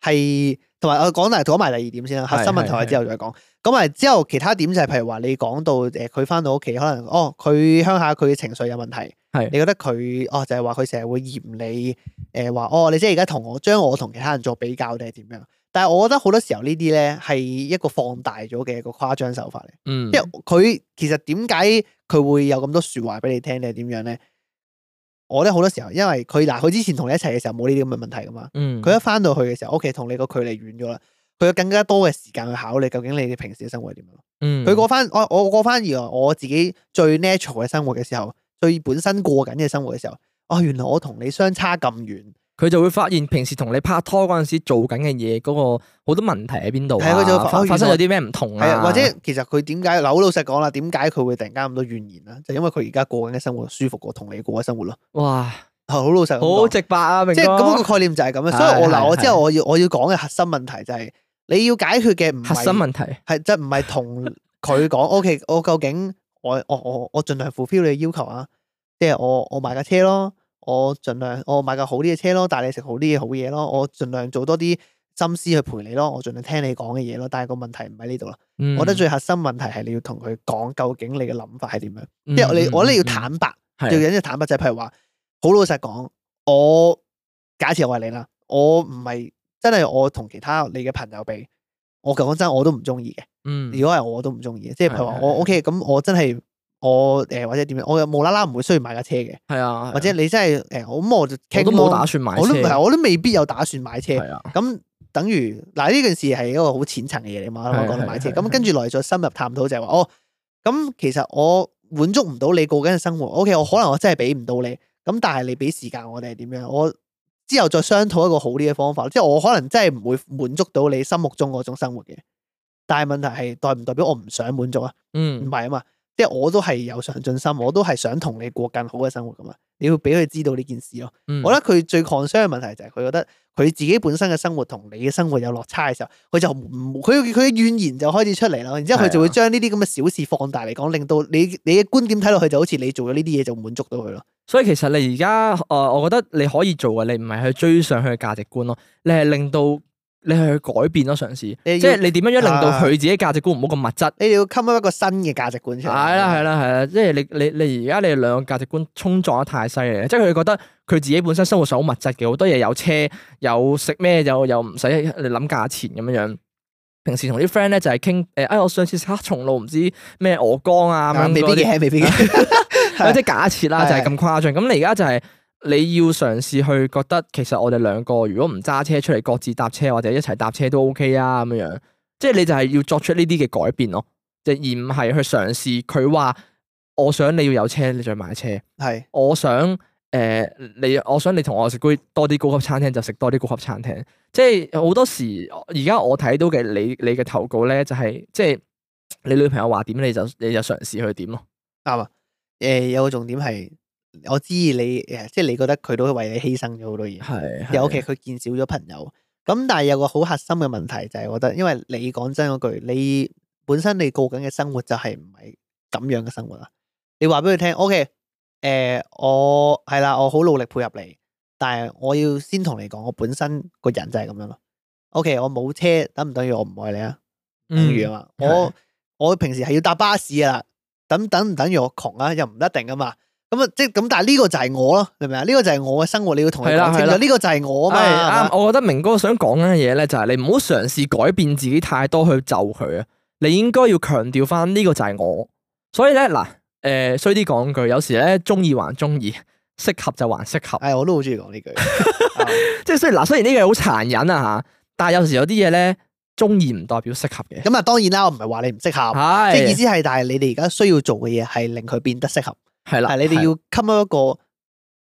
係同埋我講埋講埋第二點先啦，核心問題我之後再講。咁埋是的 之後其他點就係、是，譬如話你講到誒，佢翻到屋企可能哦，佢鄉下佢嘅情緒有問題，係是的 你覺得佢哦就係話佢成日會嫌你，誒、呃、話哦你即係而家同我將我同其他人做比較定係點樣？但係我覺得好多時候呢啲咧係一個放大咗嘅一個誇張手法嚟，嗯，因為佢其實點解佢會有咁多說話俾你聽，你係點樣咧？我覺得好多時候，因為佢嗱，佢之前同你一齊嘅時候冇呢啲咁嘅問題噶嘛，佢、嗯、一翻到去嘅時候屋企同你個距離遠咗啦，佢有更加多嘅時間去考慮究竟你哋平時嘅生活係點樣，佢、嗯、過翻我我過翻而來我自己最 natural 嘅生活嘅時候，最本身過緊嘅生活嘅時候，哦，原來我同你相差咁遠。佢就會發現平時同你拍拖嗰陣時做緊嘅嘢，嗰、嗰個好多問題喺邊度啊？發生有啲咩唔同啊？或者其實佢點解？好老實講啦，點解佢會突然間咁多怨言啊？就係、因為佢而家過緊嘅生,生活舒服過同你過嘅生活咯。哇！好老實，好直白啊！明哥，即係咁個概念就係咁啦。的所以我嗱，的的我之後我要我要講嘅核心問題就係、係、你要解決嘅唔核心問題係即係唔係同佢講？O K，我究竟我我我我,我,我,我,我,我盡量符標你要求啊？即係我我,我買架車咯。我盡量我買架好啲嘅車咯，帶你食好啲嘅好嘢咯。我盡量做多啲心思去陪你咯，我盡量聽你講嘅嘢咯。但係個問題唔喺呢度啦。嗯、我覺得最核心問題係你要同佢講，究竟你嘅諗法係點樣，即係、嗯嗯嗯、你我咧要坦白，最緊、嗯嗯、要坦白，就係的譬如話好老實講，我假設我係你啦，我唔係真係我同其他你嘅朋友比，我講真我都唔中意嘅。嗯、如果係我都唔中意，嘅。即係譬如話我 OK，咁我真係。我誒、呃、或者點樣，我又無啦啦唔會需要買架車嘅，係啊，啊或者你真係誒，咁、欸、我，我就都冇打算買車我，我都我都未必有打算買車，咁、啊、等於嗱呢件事係一個好淺層嘅嘢嚟嘛，講、啊、到買車，咁跟住來再深入探討就係、是、話哦，咁、嗯嗯嗯、其實我滿足唔到你過緊嘅生活，O K，我可能我真係俾唔到你，咁但係你俾時間我哋係點樣，我之後再商討一個好啲嘅方法，即、就、係、是、我可能真係唔會滿足到你心目中嗰種生活嘅，但係問題係代唔代表我唔想滿足啊？唔係啊嘛。即係我都係有上進心，我都係想同你過更好嘅生活噶嘛。你要俾佢知道呢件事咯。嗯、我覺得佢最 concern 嘅問題就係佢覺得佢自己本身嘅生活同你嘅生活有落差嘅時候，佢就唔佢佢嘅怨言就開始出嚟啦。然之後佢就會將呢啲咁嘅小事放大嚟講，是的 令到你你嘅觀點睇落去就好似你做咗呢啲嘢就滿足到佢咯。所以其實你而家誒，我覺得你可以做嘅，你唔係去追上佢嘅價值觀咯，你係令到。你係去改變咗嘗試，要即係你點樣樣令到佢自己價值觀唔好咁物質？你哋要吸一個新嘅價值觀出嚟。係啦係啦係啦，即係、就是、你你你而家你兩個價值觀衝撞得太犀利啦！即係佢覺得佢自己本身生活上好物質嘅，好多嘢有車有食咩又又唔使你諗價錢咁樣樣。平時同啲 friend 咧就係傾誒，我上次食黑松露唔知咩鵝肝啊咁樣、啊。未必嘅，係未必嘅，或者 假設啦，就係咁誇張。咁你而家就係。你要嘗試去覺得，其實我哋兩個如果唔揸車出嚟，各自搭車或者一齊搭車都 OK 啊，咁樣，即係你就係要作出呢啲嘅改變咯，即而唔係去嘗試佢話，我想你要有車，你再買車，係是，我想，誒、呃，你，我想你同我食多啲高級餐廳，就食多啲高級餐廳，即係好多時，而家我睇到嘅你，你嘅投稿咧、就是，就係即係你女朋友話點，你就你就嘗試去點咯，啱啊，誒、呃，有個重點係。我知你誒，即係你覺得佢都為你犧牲咗好多嘢，尤其，佢見少咗朋友。咁但係有個好核心嘅問題就係，我覺得，因為你講真嗰句，你本身你過緊嘅生活就係唔係咁樣嘅生活啦。你話俾佢聽，OK，誒、呃，我係啦，我好努力配合你，但係我要先同你講，我本身個人就係咁樣咯。OK，我冇車，等唔等於我唔愛你啊？唔如啊，嗯、我我平時係要搭巴士啊，等等唔等於我窮啊，又唔一定噶嘛。咁啊，即係咁，但係呢個就係我咯，明唔明啊？呢、這個就係我嘅生活，你要同佢講清楚，呢個就係我啊。啱、哎，吧我覺得明哥想講嘅嘢咧，就係你唔好嘗試改變自己太多去就佢啊。你應該要強調翻呢個就係我。所以咧嗱，誒，衰啲講句，有時咧中意還中意，適合就還適合。係、哎，我都好中意講呢句。即係 雖然嗱，雖然呢句好殘忍啊吓，但係有時有啲嘢咧，中意唔代表適合嘅。咁啊，當然啦，我唔係話你唔適合，即係的意思係，但係你哋而家需要做嘅嘢係令佢變得適合。係啦，你哋要吸一個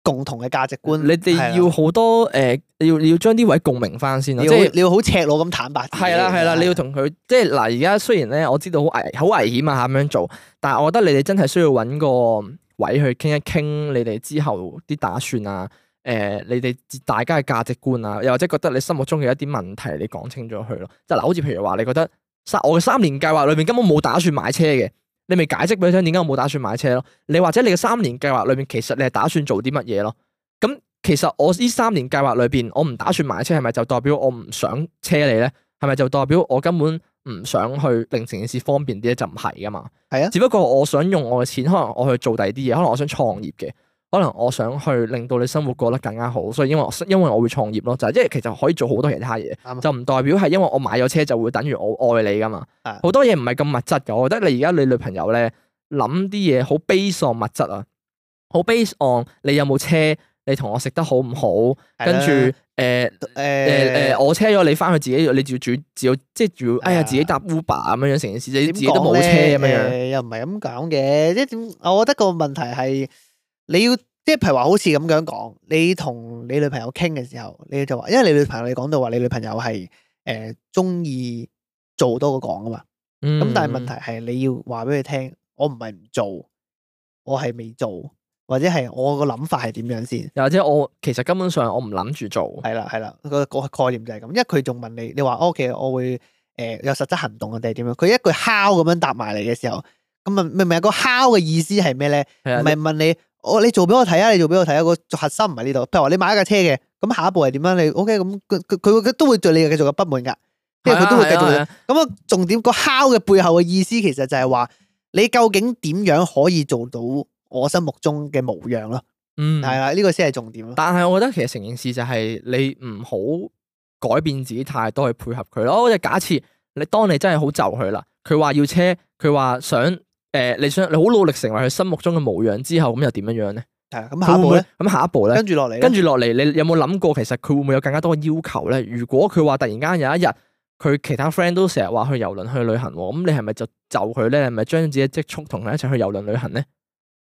共同嘅價值觀，的的你哋要好多誒，要要將啲位共鳴翻先啊！即係你要好赤裸咁坦白。係啦係啦，你要同佢要即係是嗱，而家的雖然咧我知道好危好危險啊，咁樣做，但係我覺得你哋真係需要揾個位去傾一傾，你哋之後啲打算啊，誒、呃，你哋大家嘅價值觀啊，又或者覺得你心目中嘅一啲問題，你講清楚佢、啊、咯。即係嗱，好似譬如話你覺得我三我嘅三年計劃裏邊根本冇打算買車嘅。你咪解釋俾你聽，點解我冇打算買車咯？你或者你嘅三年計劃裏面其、其實你係打算做啲乜嘢咯？咁其實我呢三年計劃裏邊，我唔打算買車，係咪就代表我唔想車你咧？係咪就代表我根本唔想去令成件事方便啲咧？就唔係噶嘛？係是啊，只不過我想用我嘅錢，可能我去做第二啲嘢，可能我想創業嘅。可能我想去令到你生活過得更加好，所以因為因為我會創業咯，就係即係其實可以做好多其他嘢，就唔代表係因為我買咗車就會等於我愛你噶嘛。好多嘢唔係咁物質噶，我覺得你而家你女朋友咧諗啲嘢好悲喪物質啊，好悲喪。你有冇車？你同我食得好唔好？跟住誒誒誒誒，我車咗你翻去自己，你照要煮，只即係要哎呀，自己搭 Uber 咁樣樣成件事，自己都冇車咁樣樣。又唔係咁講嘅，即係點？我覺得個問題係。你要即係譬如話好似咁樣講，你同你女朋友傾嘅時候，你就話，因為你女朋友你講到話你女朋友係誒中意做多過講啊嘛，咁、嗯、但係問題係你要話俾佢聽，我唔係唔做，我係未做，或者係我個諗法係點樣先？又或者我其實根本上我唔諗住做。係啦係啦，個概念就係咁，因為佢仲問你，你話我 OK，我會誒有實質行動啊定係點樣？佢一句敲咁樣答埋嚟嘅時候，咁啊明唔明、個敲嘅意思係咩咧？唔係的問你。我你做俾我睇啊！你做俾我睇啊！那個核心唔係呢度。譬如話你買一架車嘅，咁下一步係點樣？你 OK 咁佢佢都會對你繼續嘅不滿噶，因為佢都會繼續。咁啊，啊重點、那個敲嘅背後嘅意思，其實就係話你究竟點樣可以做到我心目中嘅模樣咯？嗯，係啦、啊，呢、這個先係重點咯。但係我覺得其實成件事就係你唔好改變自己太多去配合佢咯。我、哦、就假設你當你真係好就佢啦，佢話要車，佢話想。誒，你想你好努力成為佢心目中嘅模樣之後，咁又點樣樣咧？係咁下一步咧？咁下一步咧？跟住落嚟，跟住落嚟，你有冇諗過其實佢會唔會有更加多嘅要求咧？如果佢話突然間有一日佢其他 friend 都成日話去遊輪去旅行，咁、嗯、你係咪就就佢咧？係咪將自己積蓄同佢一齊去遊輪旅行咧？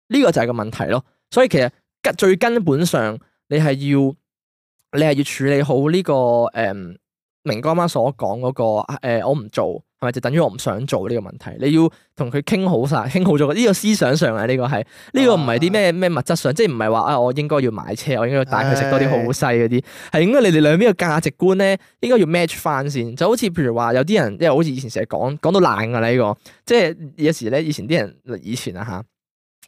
呢、這個就係個問題咯。所以其實最根本上，你係要你係要處理好呢、這個誒、嗯、明哥啱啱所講嗰、那個誒、嗯，我唔做。係咪就等於我唔想做呢個問題？你要同佢傾好晒，傾好咗，這，呢個思想上，是是上啊？呢個係呢個唔係啲咩咩物質上，即係唔係話啊我應該要買車，我應該要帶佢食多啲好，好西嗰啲，係、哎、呀應該你哋兩邊嘅價值觀咧，應該要 match 翻先。就好似譬如話有啲人，即係好似以前成日講講到爛噶啦呢個，即係有時咧以前啲人以前啊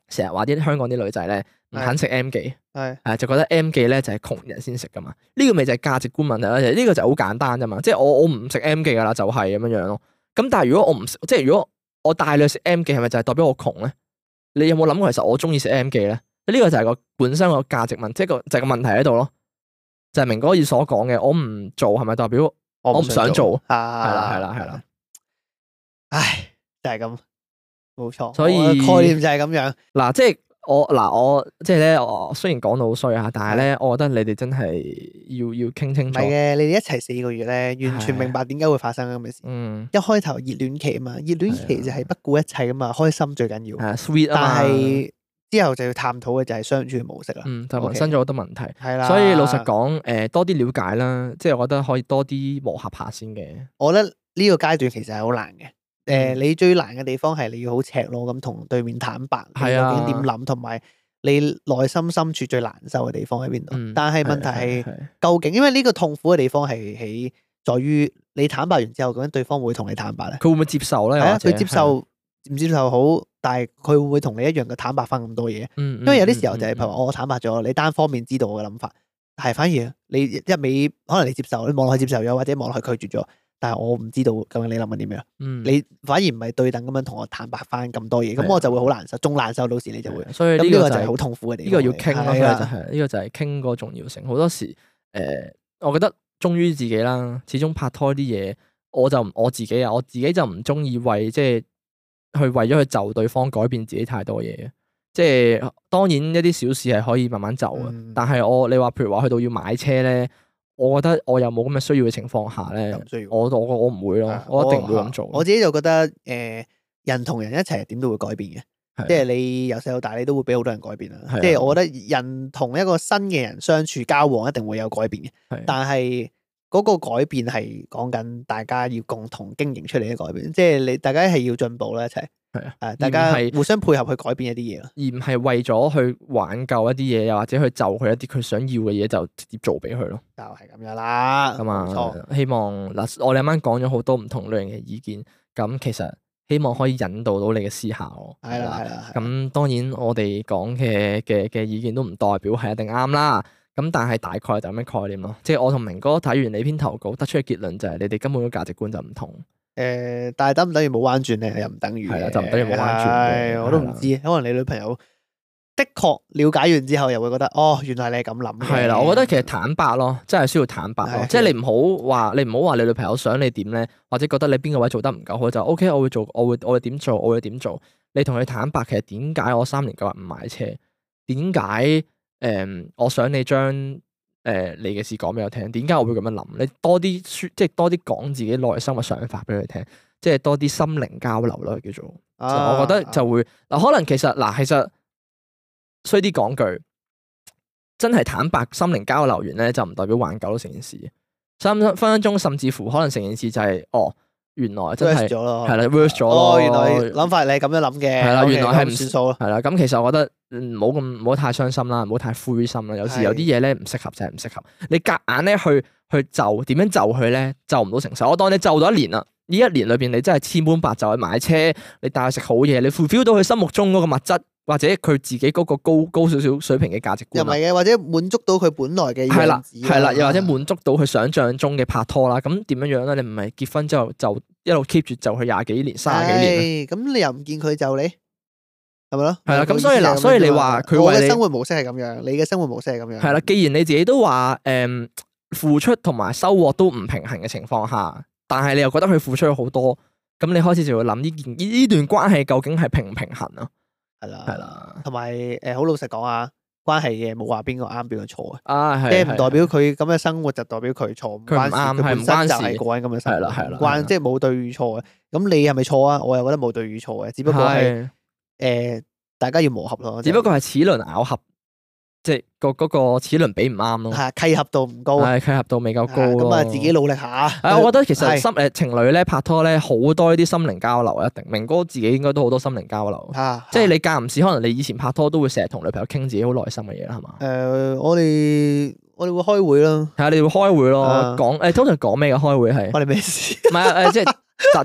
吓，成日話啲香港啲女仔咧唔肯食 M 記，係就覺得 M 記咧就係、是、窮人先食噶嘛。呢，這個咪就係價值觀問題咯，呢個就好簡單啫嘛。即係我我唔食 M 記噶啦，就係咁樣樣咯。咁但係如果我唔即係如果我帶你去食 M 記係咪就係代表我窮咧？你有冇諗過其實我中意食 M 記咧？呢、這個就係個本身個價值問，即係個就係個問題喺度咯，就係、是、明哥以所講嘅，我唔做係咪代表我唔想做？係啦係啦係啦，啊、唉，就係、是、咁，冇錯。所以概念就係咁樣。嗱、啊，即係。我嗱，我即係咧，我雖然講到好衰啊，但係咧，的我覺得你哋真係要要傾清楚。唔係嘅，你哋一齊四個月咧，完全明白點解會發生咁嘅事。嗯，一開頭熱戀期啊嘛，熱戀期就係不顧一切㗎嘛，開心最緊要。sweet 但係是、啊、之後就要探討嘅就係相處模式喇。嗯，就發生咗好多問題。係啦 Okay. 的，所以老實講，誒、呃，多啲了解啦，即係我覺得可以多啲磨合下先嘅。我覺得呢個階段其實係好難嘅。誒、呃，你最難嘅地方係你要好赤裸咁同對面坦白，究竟點諗，同埋你內心深處最難受嘅地方喺邊度？嗯、但係問題係、嗯、究竟，因為呢個痛苦嘅地方係喺在於你坦白完之後，究竟對方會同你坦白咧？佢會唔會接受咧？佢、啊、者接受唔接受好？但係佢會唔會同你一樣嘅坦白翻咁多嘢？嗯嗯、因為有啲時候就係譬如話我坦白咗，嗯嗯嗯嗯、你單方面知道我嘅諗法，係反而你一味，可能你接受，你望落去接受咗，或者望落去拒絕咗。但係我唔知道，究竟你諗緊點樣？嗯，你反而唔係對等咁樣同我坦白翻咁多嘢，咁是的 我就會好難受，仲難受。到時你就會，所以呢個就係、是、好痛苦嘅地方。呢個要傾咯，呢個就係呢個就係傾個重要性。好多時，誒、呃，我覺得忠於自己啦。始終拍拖啲嘢，我就唔我自己啊，我自己就唔中意為即係去為咗去就對方改變自己太多嘢。即係當然一啲小事係可以慢慢就嘅，嗯、但係我你話譬如話去到要買車咧。我覺得我又冇咁嘅需要嘅情況下咧，又唔需要，我我我唔會咯，啊、我一定唔會咁做我。我自己就覺得，誒、呃，人同人一齊點都會改變嘅，即係的你由細到大你都會俾好多人改變啊。即係的我覺得人同一個新嘅人相處交往一定會有改變嘅，的但係。嗰個改變係講緊大家要共同經營出嚟嘅改變，即係你大家係要進步啦一齊，係啊的，誒，大家互相配合去改變一啲嘢，而唔係為咗去挽救一啲嘢，又或者去就佢一啲佢想要嘅嘢就直接做俾佢咯，就係咁樣啦，咁啊、嗯，冇錯。希望嗱，我哋啱啱講咗好多唔同類型嘅意見，咁其實希望可以引導到你嘅思考，係啦係啦。咁當然我哋講嘅嘅嘅意見都唔代表係一定啱啦。咁但係大概就咁嘅概念咯，即係我同明哥睇完你篇投稿得出嘅結論就係你哋根本嘅價值觀就唔同。誒、呃，但係等唔等於冇彎轉咧？又唔等於係啦，就唔等於冇彎轉，轉。哎、我都唔知，的可能你女朋友的確了解完之後，又會覺得哦，原來你係咁諗。係啦，我覺得其實坦白咯，真係需要坦白咯，的即係你唔好話你唔好話你女朋友想你點咧，或者覺得你邊個位做得唔夠好就 OK，我會做，我會我會點做，我會點做。你同佢坦白，其實點解我三年九日唔買車？點解？誒、嗯，我想你將誒、呃、你嘅事講俾我聽，點解我會咁樣諗？你多啲說，即係多啲講自己內心嘅想法俾佢聽，即係多啲心靈交流咯，叫做，啊、我覺得就會嗱，可能其實嗱、呃，其實衰啲講句，真係坦白心靈交流完咧，就唔代表挽救到成件事，三分分分鐘甚至乎可能成件事就係、是、哦。原來真係咗咯，係啦，worse 咗咯。哦，原來諗法你咁樣諗嘅，係啦，原來係唔算數咯。係啦，咁其實我覺得唔好咁，唔好太傷心啦，唔好太灰心啦。有時有啲嘢咧唔適合就係唔適合。你夾硬咧去去就，點樣就佢咧就唔到成熟。我當你就咗一年啦，呢一年裏邊你真係千般百,百就去買車，你帶佢食好嘢，你 fulfill 到佢心目中嗰個物質。或者佢自己嗰個高高少少水平嘅價值觀，又唔係嘅，或者滿足到佢本來嘅樣子，係啦了，了又或者滿足到佢想象中嘅拍拖啦，咁點樣樣咧？你唔係結婚之後就一路 keep 住就佢廿幾年、卅幾年，咁、哎、你又唔見佢就你，係咪咯？係啦，咁所以嗱，所以你話佢為我嘅生活模式係咁樣，你嘅生活模式係咁樣，係啦。既然你自己都話，誒、嗯，付出同埋收穫都唔平衡嘅情況下，但係你又覺得佢付出咗好多，咁你開始就會諗呢件呢段關係究竟係平唔平衡啊？係啦，係啦，同埋誒，好、呃、老實講啊，關係嘅冇話邊個啱，邊個錯啊，即係唔代表佢咁嘅生活就代表佢錯，唔關事，本身就係個人咁嘅事，係啦，係啦，關即係冇對與錯嘅，咁你係咪錯啊？我又覺得冇對與錯嘅，只不過係誒的、呃，大家要磨合咯，的就只不過係齒輪咬合。即係個嗰個齒輪比唔啱咯，係契合度唔高，係契合度未夠高，咁啊自己努力下。我覺得其實心誒情侶咧拍拖咧好多啲心靈交流啊，一定明哥自己應該都好多心靈交流啊。即係你間唔時，可能你以前拍拖都會成日同女朋友傾自己好內心嘅嘢啦，係嘛？誒，我哋我哋會開會啦，係啊，你會開會咯，講誒，通常講咩嘅？開會係我哋咩事？唔係誒，即係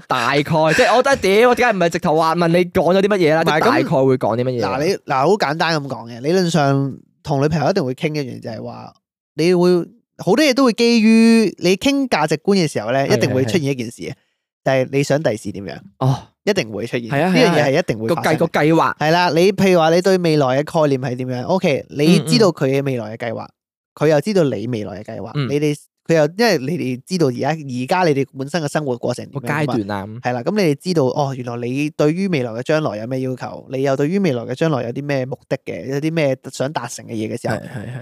大概，即係我得嘢，我點解唔係直頭話問你講咗啲乜嘢啦，大概會講啲乜嘢？嗱，你嗱好簡單咁講嘅，理論上。同女朋友一定會傾一樣，就係、係、話你會好多嘢都會基於你傾價值觀嘅時候咧，一定會出現一件事嘅，對對對對，但係你想第時點樣？哦，一定會出現。係啊，呢樣嘢係一定會個計個計劃係啦。你譬如話你對未來嘅概念係點樣？O、okay, K，你知道佢嘅未來嘅計劃，佢、嗯嗯、又知道你未來嘅計劃，嗯、你哋。佢又，因為你哋知道而家而家你哋本身嘅生活過程個階段啊，係啦、嗯，咁你哋知道哦，原來你對於未來嘅將來有咩要求？你又對於未來嘅將來有啲咩目的嘅？有啲咩想達成嘅嘢嘅時候，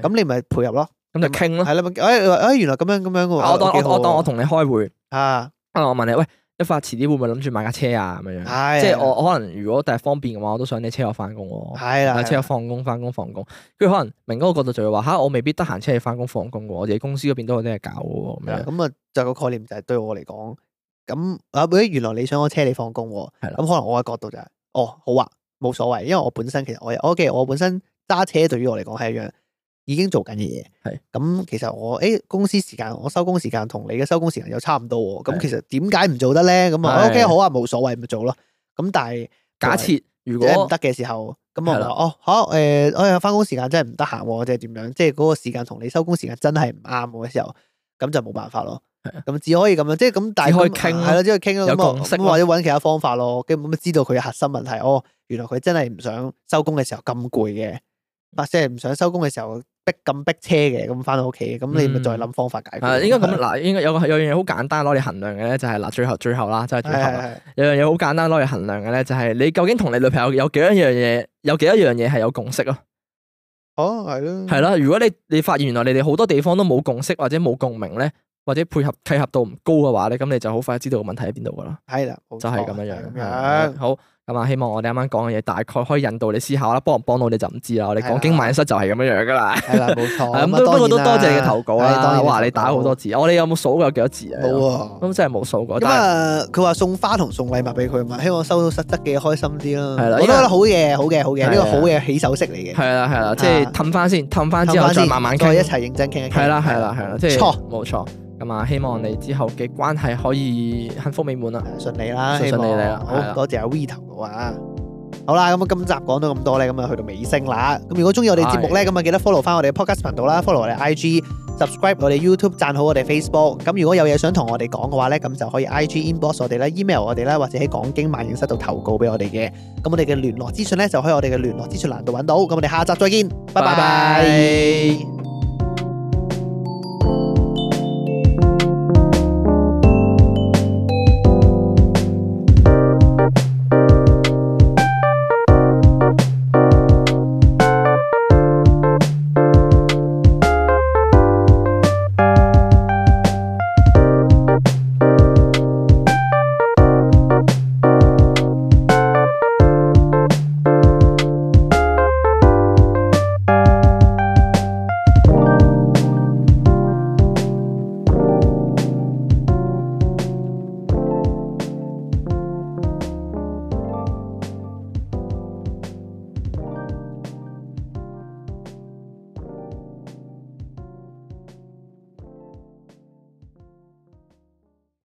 咁你咪配合咯，咁就傾咯，係啦、嗯。哎哎，哎，原來咁樣咁樣喎、啊，我當我當我同你開會啊，啊，我問你喂。發遲啲會唔會諗住買架車啊？咁樣樣，即係我可能如果第日方便嘅話，我都想你車我翻工。係啦、哎呀，車我放工翻工、放工，跟住可能明哥個角度就會話：吓，我未必得閒車你翻工、放工，我哋公司嗰邊都有啲嘢搞嘅。咁啊，就、嗯、個概念就係對我嚟講，咁啊，如果原來你想我車你放工。係咁的可能我嘅角度就係、是，哦，好啊，冇所謂，因為我本身其實我我嘅、OK, 我本身揸車對於我嚟講係一樣。已經做緊嘅嘢，係咁是其實我誒公司時間，我收工時間同你嘅收工時間又差唔多，咁是其實點解唔做得咧？咁啊，O K 好啊，冇所謂咪做咯。咁但係假設如果唔得嘅時候，咁的我話哦啊哦好誒，我有翻工時間真係唔得閒，即係點樣？即係嗰個時間同你收工時間真係唔啱嘅時候，咁就冇辦法咯。咁的只可以咁樣，即係咁。但係係咯，只可以傾，咁、嗯、或者揾其他方法咯。根本知道佢嘅核心問題，哦，原來佢真係唔想收工嘅時候咁攰嘅，或者係唔想收工嘅時候。逼咁逼車嘅，咁翻到屋企，咁你咪再諗方法解決。啊、嗯，應該咁嗱，應該有個有樣嘢好簡單攞嚟衡量嘅咧，就係、是、嗱，最後最後啦，就係最後。最後 的有樣嘢好簡單攞嚟衡量嘅咧，就係、是、你究竟同你女朋友有幾多樣嘢，有幾多樣嘢係有共識咯。哦，係咯。係咯，如果你你發現原來你哋好多地方都冇共識或者冇共鳴咧，或者配合契合度唔高嘅話咧，咁你就好快知道個問題喺邊度噶啦。係啦， 就係咁樣樣。好。希望我哋啱啱講嘅嘢，大概可以引導你思考啦，幫唔幫到你就唔知啦。我哋講經萬應室就係咁樣樣噶啦。係啦，冇錯。不過都多謝你嘅投稿啊。我話你打咗好多字，我哋有冇數過有幾多字啊？冇啊，咁真係冇數過。咁啊，佢話送花同送禮物俾佢，嘛，希望收到實質嘅開心啲啦。係啦，我都覺得好嘢，好嘅，好嘅，呢個好嘅起手式嚟嘅。係啦，係啦，即係氹翻先，氹翻之後再慢慢傾，一齊認真傾一傾。係啦，係啦，係啦，即係錯，冇錯。希望你之後嘅關係可以幸福美滿啦，順利啦，希望順利啦好，多了謝阿 V 頭嘅話。好啦，咁今集講到咁多咧，咁啊，去到尾聲啦。咁、嗯、如果中意我哋節目咧，咁啊、嗯，就記得 follow 翻我哋嘅 podcast 頻道啦、嗯、follow 我哋 IG，subscribe 我哋 YouTube，讚好我哋 Facebook。咁如果有嘢想同我哋講嘅話咧，咁就可以 IG inbox 我哋啦、嗯、email 我哋啦，或者喺講經萬應室度投稿俾我哋嘅。咁我哋嘅聯絡資訊咧，就可以我哋嘅聯絡資訊欄度揾到。咁我哋下集再見，拜拜。